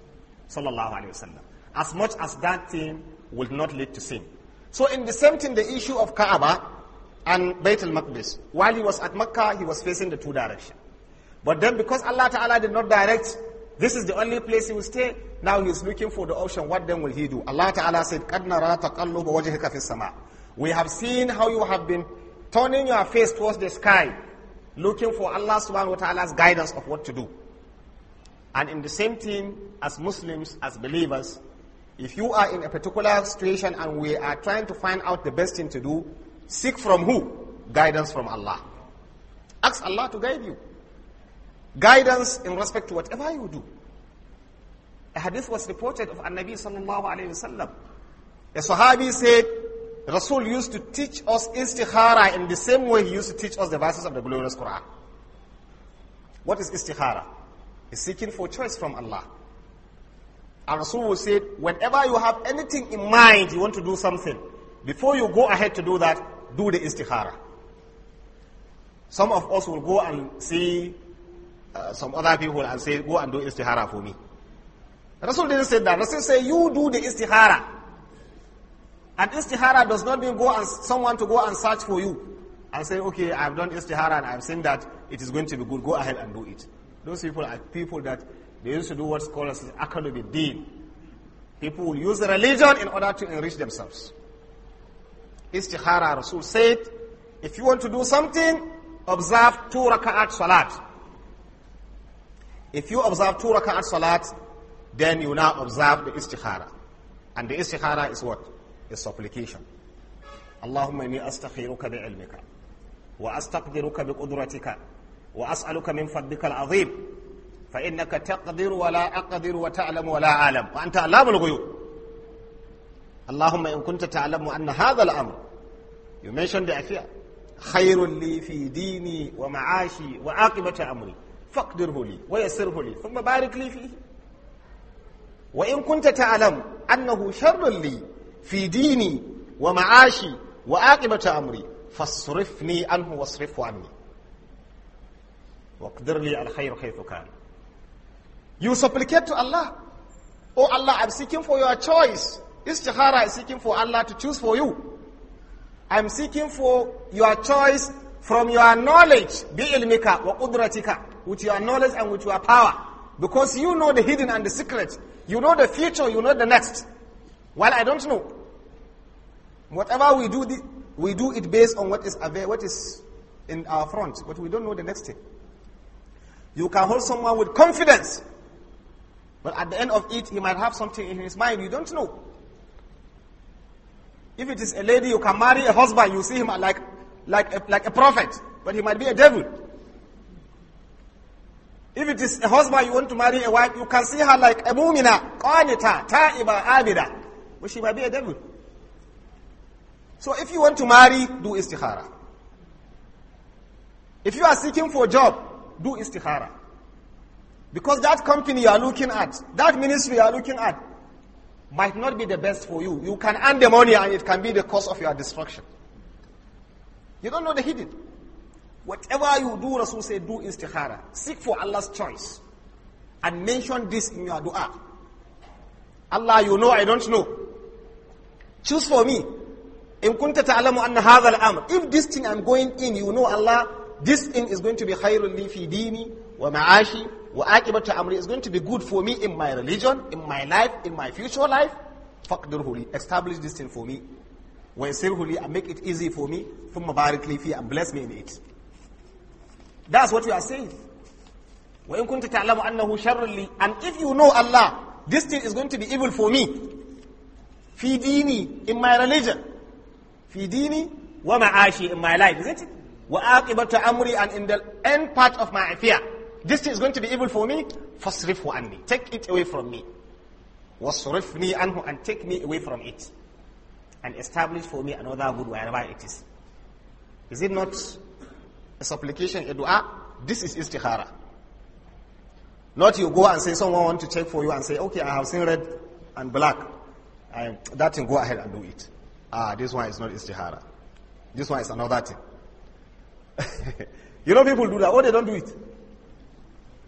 Sallallahu Alaihi Wasallam. As much as that thing will not lead to sin. So in the same thing, the issue of Kaaba and Bayt al-Maqdis. While he was at Mecca, he was facing the two directions. But then because Allah Ta'ala did not direct, this is the only place he will stay, now he's looking for the option, what then will he do? Allah Ta'ala said, We have seen how you have been turning your face towards the sky, looking for Allah subhanahu wa ta'ala's guidance of what to do. And in the same thing, as Muslims, as believers, if you are in a particular situation and we are trying to find out the best thing to do, seek from who? Guidance from Allah. Ask Allah to guide you. Guidance in respect to whatever you do. A hadith was reported of an Nabi sallallahu alayhi wasallam. A Sahabi said, Rasul used to teach us istikhara in the same way he used to teach us the verses of the glorious Quran. What is istikhara? It's seeking for choice from Allah. And Rasul said, whenever you have anything in mind, you want to do something, before you go ahead to do that, do the istikhara. Some of us will go and see uh, some other people and say, go and do istihara for me. Rasul didn't say that. Rasul said, you do the istihara. And istihara does not mean go and someone to go and search for you and say, okay, I've done istihara and I've seen that it is going to be good. Go ahead and do it. Those people are people that they used to do what scholars is academy deen. People will use the religion in order to enrich themselves. Istihara, Rasul said, if you want to do something, observe two raka'at salat. If you observe two raka'at salat, then you now observe the istihara. And the istihara is what? is supplication. bi ilmika wa bi qudratika wa as'aluka min you mentioned the affair dini wa ma'ashi wa aqibati annahu wa ديني wa وعاقبة أمري فاصرفني anhu واصرفه عني واقدر لي الخير حيث كان You supplicate to Allah. Oh Allah, I'm seeking for your choice. Istihara is seeking for Allah to choose for you. I'm seeking for your choice from your knowledge, bi'ilmika wa qudratika, with your knowledge and with your power. Because you know the hidden and the secret. You know the future, you know the next. Well, I don't know. Whatever we do, we do it based on what is available, what is in our front, but we don't know the next thing. You can hold someone with confidence, but at the end of it, he might have something in his mind. You don't know. If it is a lady, you can marry a husband. You see him like, like, a, like a prophet, but he might be a devil. If it is a husband you want to marry a wife, you can see her like a mumina, qanita, ta'iba, abida. But she might be a devil. So if you want to marry, do istikhara. If you are seeking for a job, do istikhara. Because that company you are looking at, that ministry you are looking at, might not be the best for you. You can earn the money and it can be the cause of your destruction. You don't know the hidden. Whatever you do, Rasul said, do istikhara. Seek for Allah's choice. And mention this in your dua. Allah, you know, I don't know. Choose for me. If this thing I'm going in, you know Allah, this thing is going to be خير لي wa ma'ashi wa وآكبة amri is going to be good for me in my religion, in my life, in my future life. Establish this thing for me. ويسره li, and make it easy for me. ثم بارك لي فيه and bless me in it. That's what you are saying. وإن كنت تعلم أنه شر لي and if you know Allah, this thing is going to be evil for me fi dini in my religion fi dini wa ma'ashi in my life is not it wa aqibatu amri and in the end part of my affair this thing is going to be evil for me fasrifhu anni take it away from me wasrifni anhu and take me away from it and establish for me another good wherever it is is it not a supplication a dua this is istikhara not you go and say someone want to check for you and say okay i have seen red and black I, that thing, go ahead and do it. Ah, this one is not istihara. This one is another thing. you know people do that. Oh, they don't do it.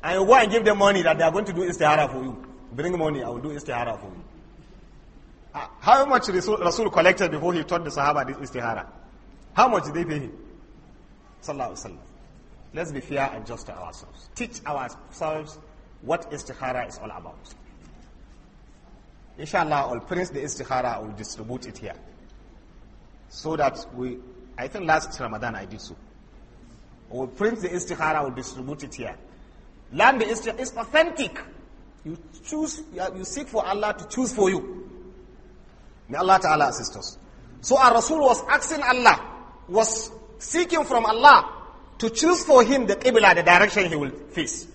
And you go and give them money that they are going to do istihara for you. Bring money, I will do istihara for you. Ah, how much Rasul, Rasul collected before he taught the Sahaba this istihara? How much did they pay him? Sallallahu Alaihi Let's be fair and just to ourselves. Teach ourselves what istihara is all about. Inshallah, I'll print the istikhara, I'll distribute it here. So that we, I think last Ramadan I did so. We'll print the istikhara, will distribute it here. Learn the istikhara, is authentic. You choose, you seek for Allah to choose for you. May Allah Ta'ala assist us. So our Rasul was asking Allah, was seeking from Allah to choose for him the qibla, the direction he will face.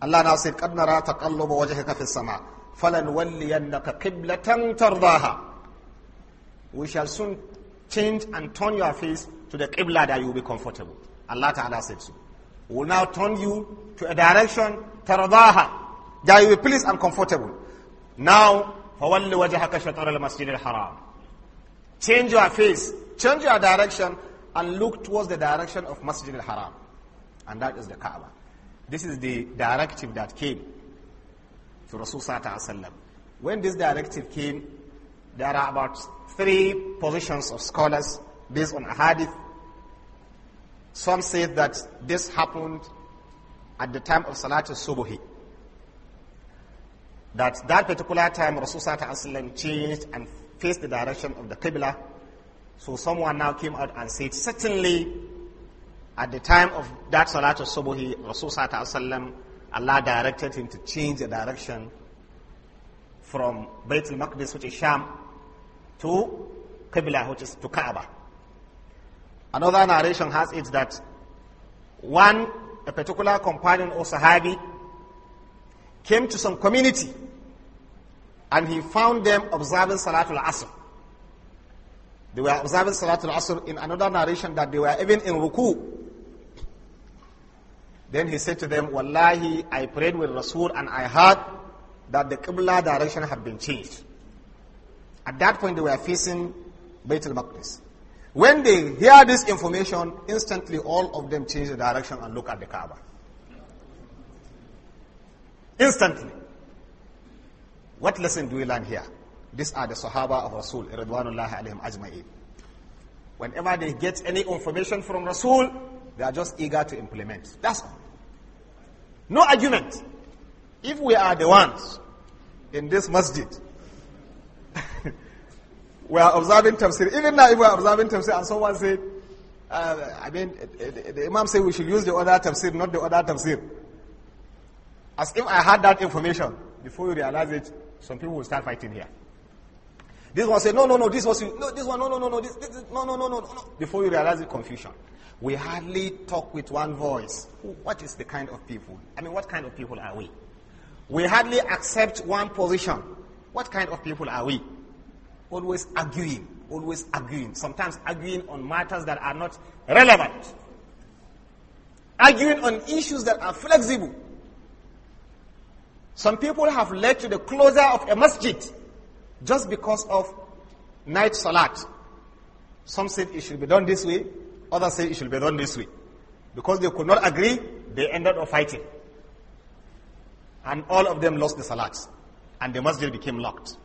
Allah now said, قَدْ نَرَى تَقَلُّبَ وَجَهِكَ فِي السَّمَاءِ فَلَنْوَلِّيَنَّكَ قِبْلَةً تَرْضَاهَا We shall soon change and turn your face to the Qibla that you will be comfortable. Allah Ta'ala said so. We will now turn you to a direction, تَرْضَاهَا That you will be pleased and comfortable. Now, فَوَلِّ وَجَهَكَ شَطَرَ الْمَسْجِدِ الْحَرَامِ Change your face, change your direction, and look towards the direction of Masjid al-Haram. And that is the Kaaba. This is the directive that came to Rasulullah When this directive came, there are about three positions of scholars based on a hadith. Some say that this happened at the time of al Subuhi. That that particular time Rasulullah sallam changed and faced the direction of the Qibla. So someone now came out and said, certainly at the time of that Salat al Subuhi, Rasulullah sallam Allah directed him to change the direction from Bayt al-Maqdis, which is Sham, to Qibla, which is to Kaaba. Another narration has it that one, a particular companion or Sahabi, came to some community and he found them observing Salatul Asr. They were observing Salatul Asr in another narration that they were even in Ruku then he said to them, Wallahi, I prayed with Rasul and I heard that the Qibla direction had been changed. At that point, they were facing Beit al-Maqdis. When they hear this information, instantly all of them change the direction and look at the Kaaba. Instantly. What lesson do we learn here? These are the Sahaba of Rasul, Ridwanullahi alayhim ajma'in. Whenever they get any information from Rasul, they are just eager to implement. That's all. No argument. If we are the ones in this masjid, we are observing tafsir. Even now, if we are observing tafsir and someone said, uh, I mean, the Imam said we should use the other tafsir, not the other tafsir. As if I had that information, before you realize it, some people will start fighting here. This one said, no, no, no, this was No, this one, no, no, no, no, this, this, no, no, no, no, no. Before you realize it, confusion. We hardly talk with one voice. What is the kind of people? I mean, what kind of people are we? We hardly accept one position. What kind of people are we? Always arguing, always arguing, sometimes arguing on matters that are not relevant, arguing on issues that are flexible. Some people have led to the closure of a masjid just because of night salat. Some said it should be done this way, Others say it should be done this way. Because they could not agree, they ended up fighting. And all of them lost the salats. And the masjid became locked.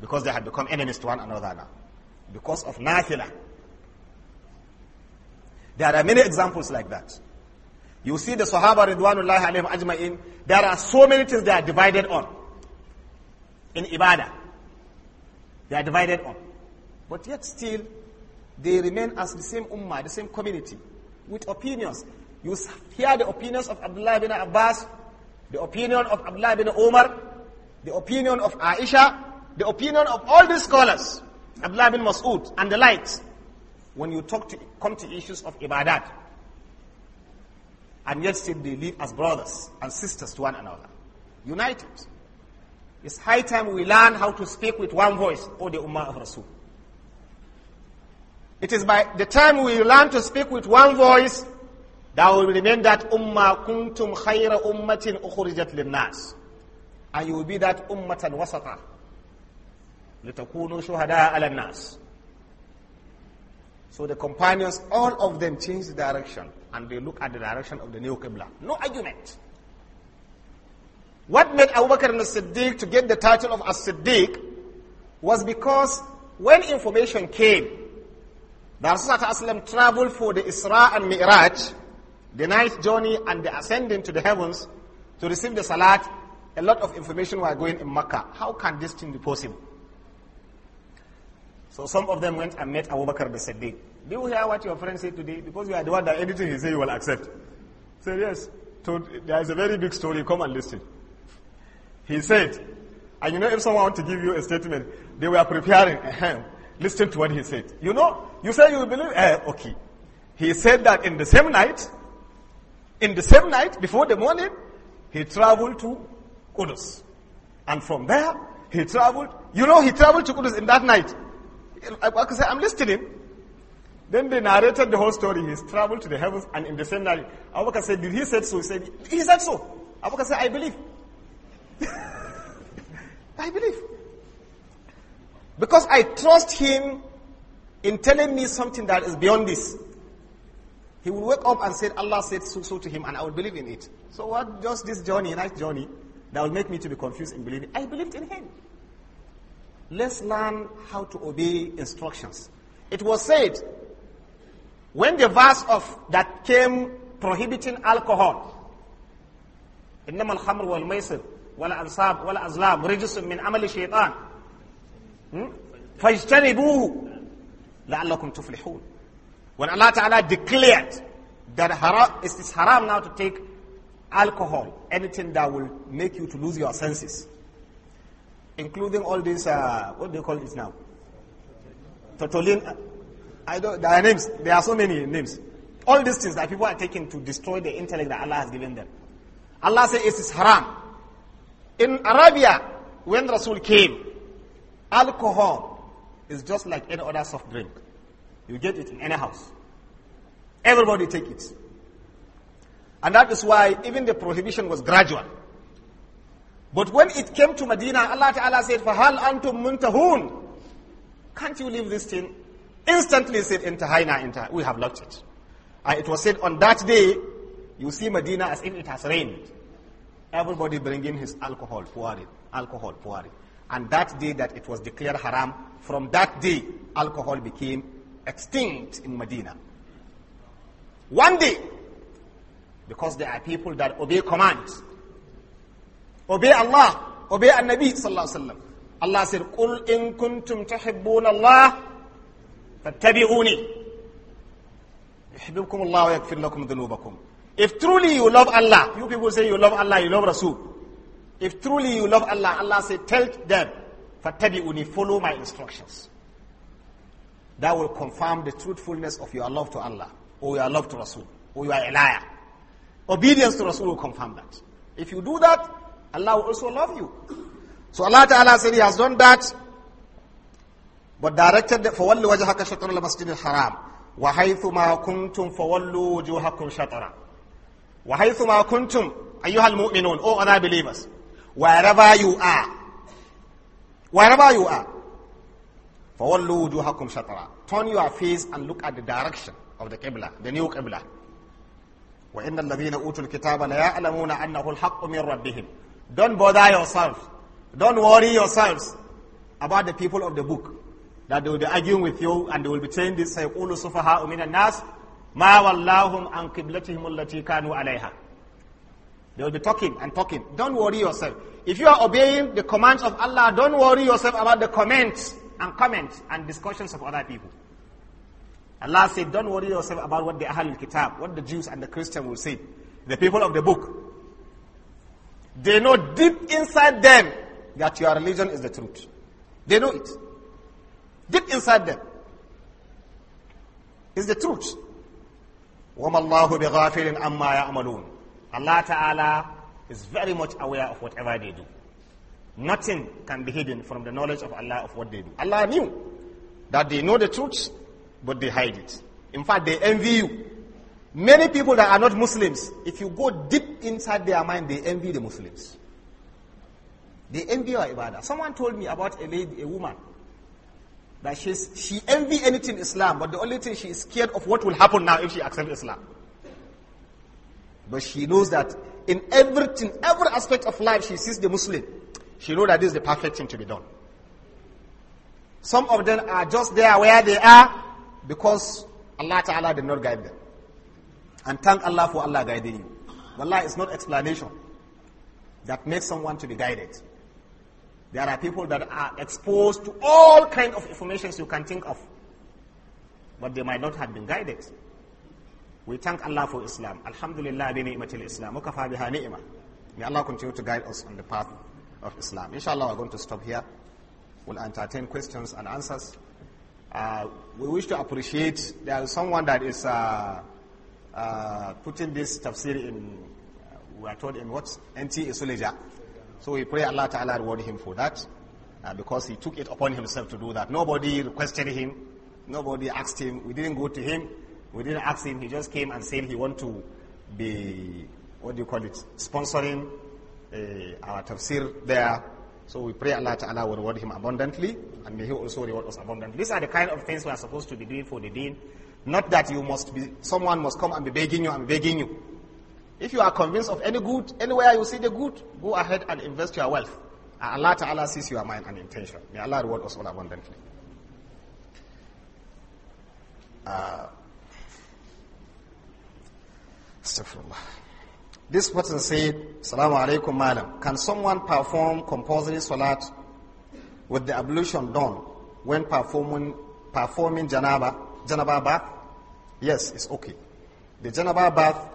Because they had become enemies to one another now. Because of nafila. There are many examples like that. You see the Sahaba Ridwanullah alayhim ajma'in, there are so many things they are divided on. In ibadah. They are divided on. But yet still, they remain as the same ummah, the same community, with opinions. You hear the opinions of Abdullah bin Abbas, the opinion of Abdullah bin Omar, the opinion of Aisha, the opinion of all these scholars, Abdullah bin Mas'ud and the likes, when you talk to, come to issues of ibadat. And yet still they live as brothers and sisters to one another, united. It's high time we learn how to speak with one voice, O the Ummah of Rasul. It is by the time we learn to speak with one voice that will remain that ummah kuntum khayra ummatin ukhrijat linnas. And you will be that ummatan wasata. لِتَكُونُوا شُهَدَاءَ عَلَى النَّاسِ So the companions, all of them change the direction and they look at the direction of the new Qibla. No argument. What made Abu Bakr al siddiq to get the title of as-Siddiq was because when information came the ﷺ traveled for the Isra and Mi'raj, the ninth journey and the ascending to the heavens to receive the Salat. A lot of information were going in Makkah. How can this thing be possible? So some of them went and met Abu Bakr the Siddiq. Do you hear what your friend said today? Because you are the one that anything he say you will accept. So yes. there is a very big story. Come and listen. He said, and you know if someone want to give you a statement, they were preparing. Listen to what he said. You know, you say you believe, eh, okay. He said that in the same night, in the same night, before the morning, he traveled to Kudus. And from there, he traveled, you know, he traveled to Kudus in that night. I, can say, I'm listening. Then they narrated the whole story. He's traveled to the heavens and in the same night. Abaka said, did he said so? He said, he said so. Abaka said, I believe. I believe. Because I trust him in telling me something that is beyond this. He will wake up and say, Allah said so, so to him, and I will believe in it. So what just this journey, nice journey, that will make me to be confused in believing? I believed in him. Let's learn how to obey instructions. It was said, when the verse of that came prohibiting alcohol, إنما الخمر والميسر ولا والأزلام رجس من عمل الشيطان Hmm? فاجتنبوه لعلكم تفلحون when Allah Ta'ala declared that haram, it is haram now to take alcohol, anything that will make you to lose your senses, including all these, uh, what do you call it now? Totolin, uh, I don't, there are names, there are so many names. All these things that people are taking to destroy the intellect that Allah has given them. Allah says it is haram. In Arabia, when Rasul came, Alcohol is just like any other soft drink. You get it in any house. Everybody take it. And that is why even the prohibition was gradual. But when it came to Medina, Allah Ta'ala said, فَهَلْ أَنْتُمْ مُنْتَهُونَ Can't you leave this thing? Instantly said, Intahaina, We have locked it. And it was said on that day, you see Medina as if it has rained. Everybody bringing his alcohol, pouring, alcohol, pouring. And that day that it was declared haram, from that day, alcohol became extinct in Medina. One day, because there are people that obey commands, obey Allah, obey an Nabi sallallahu alaihi wasallam. Allah said, "Qul in kuntum tuhibbun Allah, fattabi'uni." الله لكم ذنوبكم. If truly you love Allah, you people say you love Allah, you love Rasul. If truly you love Allah, Allah said, tell them, فَتَبِعُنِي Follow my instructions. That will confirm the truthfulness of your love to Allah, or your love to Rasul, or you are a liar. Obedience to Rasul will confirm that. If you do that, Allah will also love you. So Allah Ta'ala said He has done that, but directed that, فَوَلِّ وَجْهَكَ شَطْرَ الْمَسْجِدِ الْحَرَامِ وَحَيْثُمَا كُنْتُم فَوَلُّوا وُجُوهَكُمْ شَطْرًا وَحَيْثُمَا كُنْتُمْ أَيُّهَا الْمُؤْمِنُونَ O other believers, wherever you are. Wherever you are. فَوَلُّوا وُجُوهَكُمْ شَطْرًا Turn your face and look at the direction of the Qibla, the new Qibla. وَإِنَّ الَّذِينَ أُوتُوا الْكِتَابَ لَيَعْلَمُونَ أَنَّهُ الْحَقُّ مِنْ رَبِّهِمْ Don't bother yourselves. Don't worry yourselves about the people of the book. That they will be arguing with you and they will be saying this, سَيْقُولُ سُفَهَاءُ مِنَ النَّاسِ مَا وَاللَّهُمْ عَنْ قِبْلَتِهِمُ الَّتِي كَانُوا عَلَيْهَا they will be talking and talking. Don't worry yourself. If you are obeying the commands of Allah, don't worry yourself about the comments and comments and discussions of other people. Allah said, don't worry yourself about what the Ahlul Kitab, what the Jews and the Christians will say. The people of the book. They know deep inside them that your religion is the truth. They know it. Deep inside them. is the truth. وَمَا اللَّهُ بِغَافِلٍ عَمَّا يَعْمَلُونَ Allah Ta'ala is very much aware of whatever they do. Nothing can be hidden from the knowledge of Allah of what they do. Allah knew that they know the truth, but they hide it. In fact, they envy you. Many people that are not Muslims, if you go deep inside their mind, they envy the Muslims. They envy our ibadah. Someone told me about a lady, a woman, that she's, she envy anything Islam, but the only thing she is scared of what will happen now if she accepts Islam. But she knows that in everything, every aspect of life, she sees the Muslim. She knows that this is the perfect thing to be done. Some of them are just there where they are because Allah Ta'ala did not guide them. And thank Allah for Allah guiding you. Wallah, it's not explanation that makes someone to be guided. There are people that are exposed to all kind of informations you can think of, but they might not have been guided. We thank Allah for Islam. Alhamdulillah bi ni'matil Islam. Ukafa biha ni'ma. May Allah continue to guide us on the path of Islam. Inshallah, we're going to stop here. We'll entertain questions and answers. Uh, we wish to appreciate there is someone that is uh, uh, putting this tafsir in, uh, we are told in what? NT Isuleja. So we pray Allah Ta'ala reward him for that uh, because he took it upon himself to do that. Nobody requested him. Nobody asked him. We didn't go to him. We didn't ask him. He just came and said he want to be, what do you call it, sponsoring uh, our tafsir there. So we pray Allah to will reward him abundantly and may he also reward us abundantly. These are the kind of things we are supposed to be doing for the deen. Not that you must be, someone must come and be begging you and begging you. If you are convinced of any good, anywhere you see the good, go ahead and invest your wealth. And Allah Allah sees your mind and intention. May Allah reward us all abundantly. Uh, Astaghfirullah. This person said, Salamu alaikum madam. Can someone perform compulsory salat with the ablution done when performing, performing janaba, janaba bath? Yes, it's okay. The janaba bath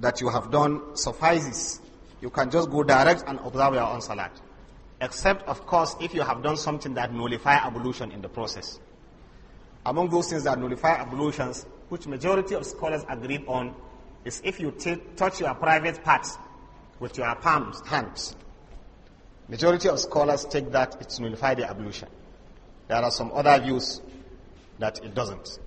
that you have done suffices. You can just go direct and observe your own salat. Except, of course, if you have done something that nullify ablution in the process. Among those things that nullify ablutions which majority of scholars agreed on, is if you touch your private parts with your palms, hands. Majority of scholars take that it's nullified the ablution. There are some other views that it doesn't.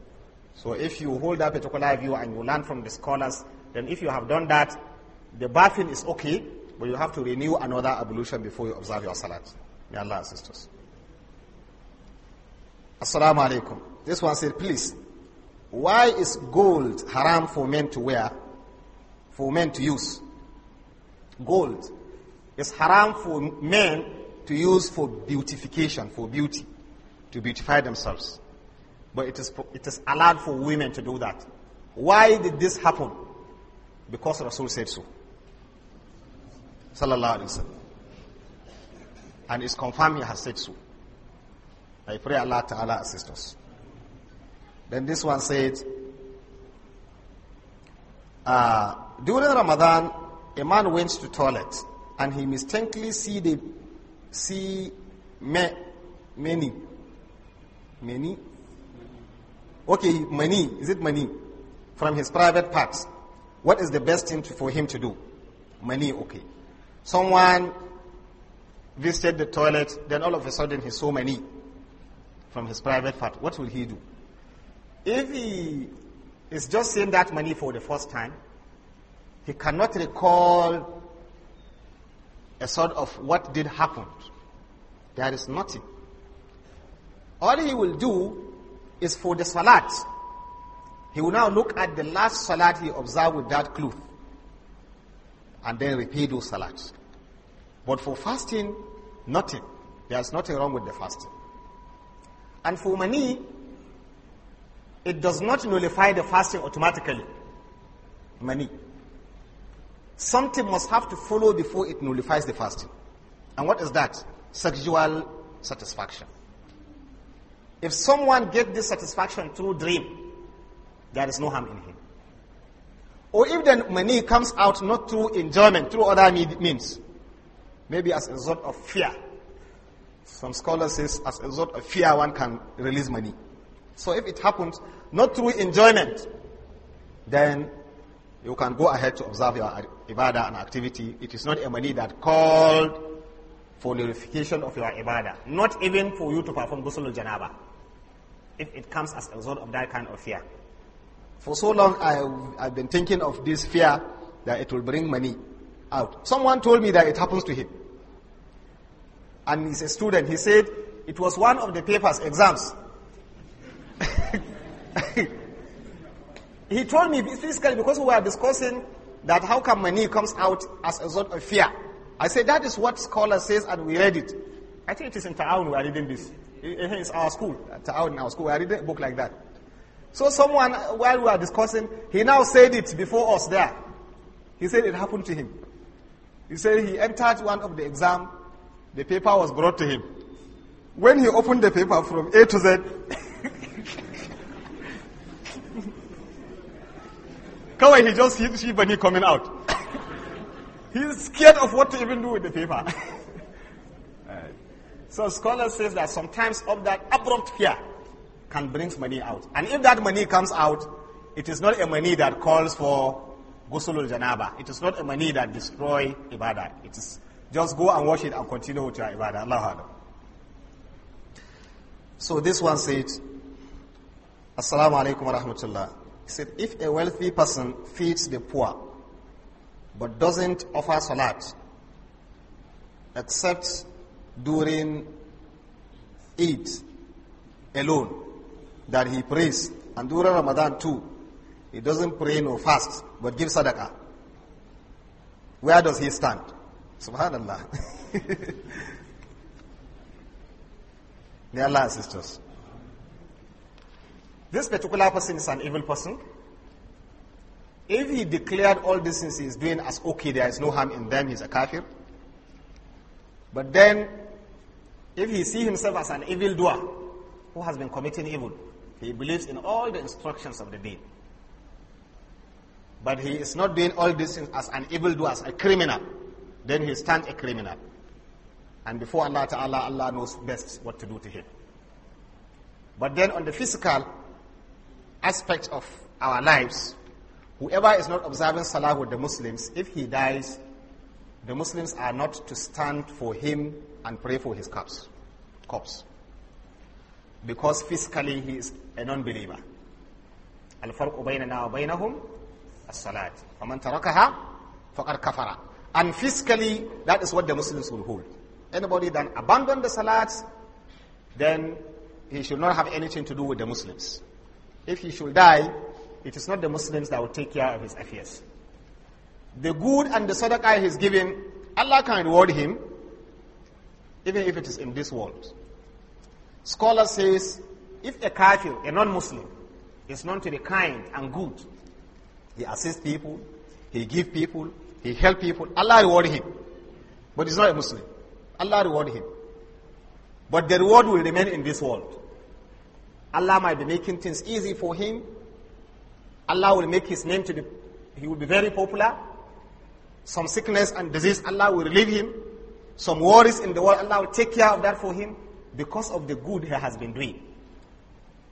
So if you hold up a particular view and you learn from the scholars, then if you have done that, the bathing is okay, but you have to renew another ablution before you observe your salat. May Allah assist us. Assalamu alaikum. This one said, please, why is gold haram for men to wear, for men to use? Gold is haram for men to use for beautification, for beauty, to beautify themselves. But it is, it is allowed for women to do that. Why did this happen? Because Rasul said so. Sallallahu Alaihi Wasallam. And it's confirmed he has said so. I pray Allah Ta'ala assist us. Then this one said, uh, during Ramadan, a man went to toilet and he mistakenly see the see me, many many okay many. is it money from his private parts what is the best thing to, for him to do money okay someone visited the toilet then all of a sudden he saw money from his private part what will he do if he is just seeing that money for the first time, he cannot recall a sort of what did happen. There is nothing. All he will do is for the salat. He will now look at the last salat he observed with that cloth and then repeat those salats. But for fasting, nothing. There's nothing wrong with the fasting. And for money, it does not nullify the fasting automatically. money. Something must have to follow before it nullifies the fasting. And what is that? Sexual satisfaction. If someone gets this satisfaction through dream, there is no harm in him. Or if the money comes out not through enjoyment, through other means, maybe as a result of fear. Some scholars says as a result of fear one can release money. So if it happens not through enjoyment, then you can go ahead to observe your ibadah and activity. It is not a money that called for the purification of your ibadah, not even for you to perform ghusl janaba, if it comes as a result of that kind of fear. For so long, I, I've been thinking of this fear that it will bring money out. Someone told me that it happens to him. And he's a student. He said it was one of the papers, exams, he told me physically because we were discussing that how come money comes out as a sort of fear. I said that is what scholar says and we read it. I think it is in Ta'awun we are reading this. It's our school, Ta'awun in our school. We are reading a book like that. So someone, while we are discussing, he now said it before us there. He said it happened to him. He said he entered one of the exam. The paper was brought to him. When he opened the paper from A to Z, Kawai he just when he's coming out. He's scared of what to even do with the paper. right. so scholar says that sometimes of that abrupt fear can bring money out. And if that money comes out, it is not a money that calls for ghusulul janaba. It is not a money that destroy ibadah. It is just go and wash it and continue with your ibadah. Allah So this one said, Assalamu alaikum wa rahmatullah said, if a wealthy person feeds the poor but doesn't offer salat except during Eid alone, that he prays, and during Ramadan too, he doesn't pray nor fast but gives sadaqah. Where does he stand? Subhanallah. May Allah assist us this particular person is an evil person. If he declared all these things he is doing as okay, there is no harm in them, he's a kafir. But then, if he see himself as an evil doer who has been committing evil, he believes in all the instructions of the deen. But he is not doing all these things as an evil doer, as a criminal. Then he stands a criminal. And before Allah Ta'ala, Allah knows best what to do to him. But then on the physical, aspect of our lives, whoever is not observing Salah with the Muslims, if he dies, the Muslims are not to stand for him and pray for his corpse. corpse. Because physically he is a non-believer. الفرق بيننا وبينهم الصلاة فمن تركها فقد kafara. and physically that is what the Muslims will hold anybody that abandon the salat then he should not have anything to do with the Muslims if he should die, it is not the Muslims that will take care of his affairs. The good and the sadaqah he is giving, Allah can reward him, even if it is in this world. Scholar says, if a kafir, a non-Muslim, is known to be kind and good, he assists people, he gives people, he helps people, Allah reward him. But he's not a Muslim. Allah reward him. But the reward will remain in this world. Allah might be making things easy for him. Allah will make his name to be, he will be very popular. Some sickness and disease, Allah will relieve him. Some worries in the world, Allah will take care of that for him because of the good he has been doing.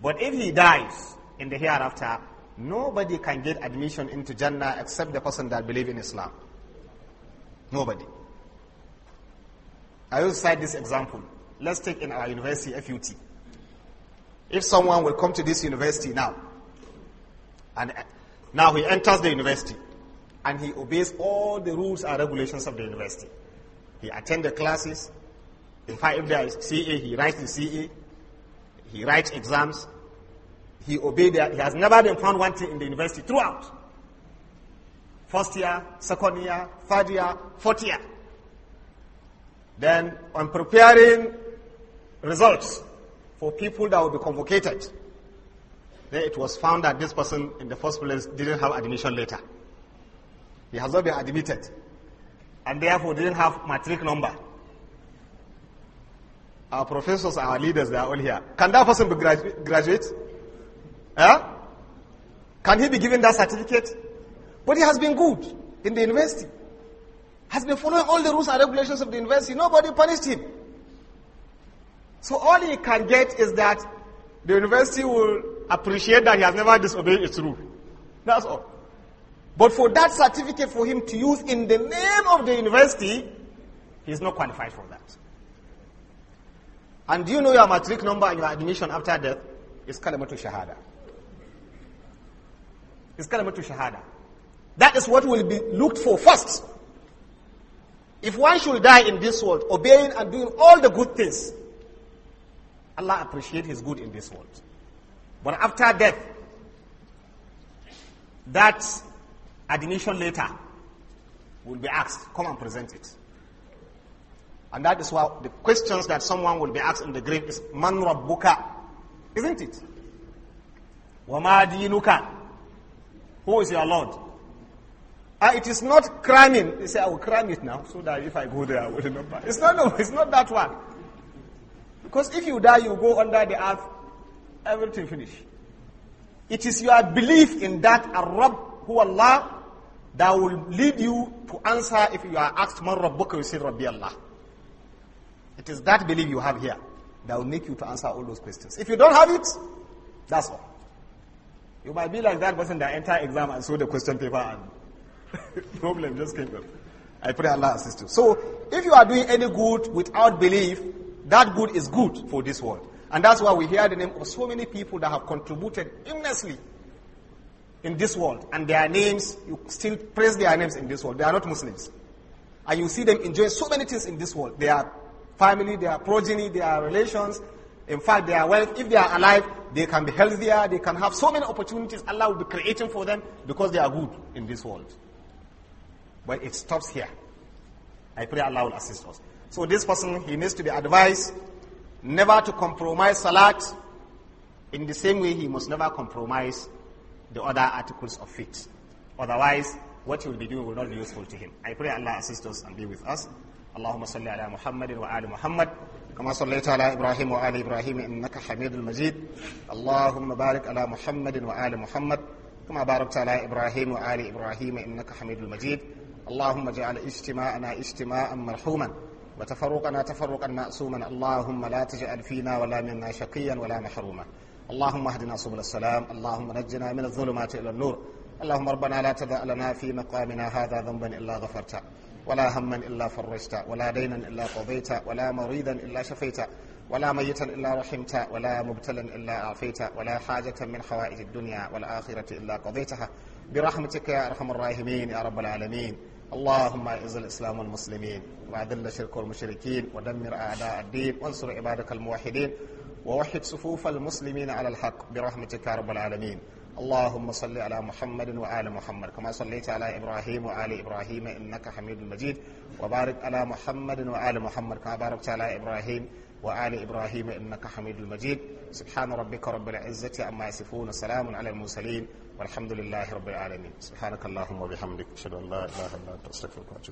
But if he dies in the hereafter, nobody can get admission into Jannah except the person that believes in Islam. Nobody. I will cite this example. Let's take in our university, FUT. If someone will come to this university now, and eh, now he enters the university, and he obeys all the rules and regulations of the university. He attends the classes. in fact, if there is CA, he writes the CA. He writes exams. He obeys that. He has never been found wanting in the university throughout. First year, second year, third year, fourth year. Then, on preparing results, for people that will be convocated. Then it was found that this person in the first place didn't have admission letter. He has not been admitted. And therefore didn't have matric number. Our professors, our leaders, they are all here. Can that person be gradu graduate? Eh? Can he be given that certificate? But he has been good in the university. Has been following all the rules and regulations of the university. Nobody punished him. So all he can get is that the university will appreciate that he has never disobeyed its rule. That's all. But for that certificate for him to use in the name of the university, he's not qualified for that. And do you know your matric number and your admission after death is kalimatu shahada. It's kalimatu shahada. That is what will be looked for first. If one should die in this world, obeying and doing all the good things, Allah appreciate his good in this world. But after death, that admission letter will be asked, come and present it. And that is why the questions that someone will be asked in the grave is Man Rabbuka, isn't it? Wama dinuka. Who is your Lord? Uh, it is not cramming. They say, I will cram it now, so that if I go there, I will remember. It's not, no, it's not that one. Because if you die, you go under the earth, everything finish. It is your belief in that Arab who Allah that will lead you to answer if you are asked Man Rabbuka, you say Rabbi Allah. It is that belief you have here that will make you to answer all those questions. If you don't have it, that's all. You might be like that person that enter exam and saw the question paper and problem just came up. I pray Allah assist you. So, if you are doing any good without belief, that good is good for this world. And that's why we hear the name of so many people that have contributed immensely in this world. And their names, you still praise their names in this world. They are not Muslims. And you see them enjoying so many things in this world. Their family, their progeny, their relations. In fact, they are wealth, if they are alive, they can be healthier, they can have so many opportunities Allah will be creating for them because they are good in this world. But it stops here. I pray Allah will assist us. So this person, he needs to be advised never to compromise salat. In the same way, he must never compromise the other articles of faith. Otherwise, what he will be doing will not be useful to him. I pray Allah assist us and be with us. اللهم صل على محمد وآل محمد كما صليت على إبراهيم وآل إبراهيم إنك حميد المجيد اللهم بارك على محمد وآل محمد كما باركت على إبراهيم وآل إبراهيم إنك حميد المجيد اللهم اجعل اجتماعنا اجتماعا مرحوما وتفرقنا تفرقا مأسوما اللهم لا تجعل فينا ولا منا شقيا ولا محروما اللهم اهدنا سبل السلام اللهم نجنا من الظلمات إلى النور اللهم ربنا لا تدع لنا في مقامنا هذا ذنبا إلا غفرته ولا هما إلا فرجت ولا دينا إلا قضيت ولا مريضا إلا شفيت ولا ميتا إلا رحمت ولا مبتلا إلا عافيت ولا حاجة من حوائج الدنيا والآخرة إلا قضيتها برحمتك يا أرحم الراحمين يا رب العالمين اللهم اعز الاسلام والمسلمين واذل الشرك والمشركين ودمر اعداء الدين وانصر عبادك الموحدين ووحد صفوف المسلمين على الحق برحمتك يا رب العالمين اللهم صل على محمد وآل محمد كما صليت على إبراهيم وآل إبراهيم إنك حميد مجيد وبارك على محمد وآل محمد كما باركت على إبراهيم وآل إبراهيم إنك حميد مجيد سبحان ربك رب العزة عما يصفون سلام على المرسلين والحمد لله رب العالمين سبحانك اللهم وبحمدك اشهد ان لا اله الا انت استغفرك واتوب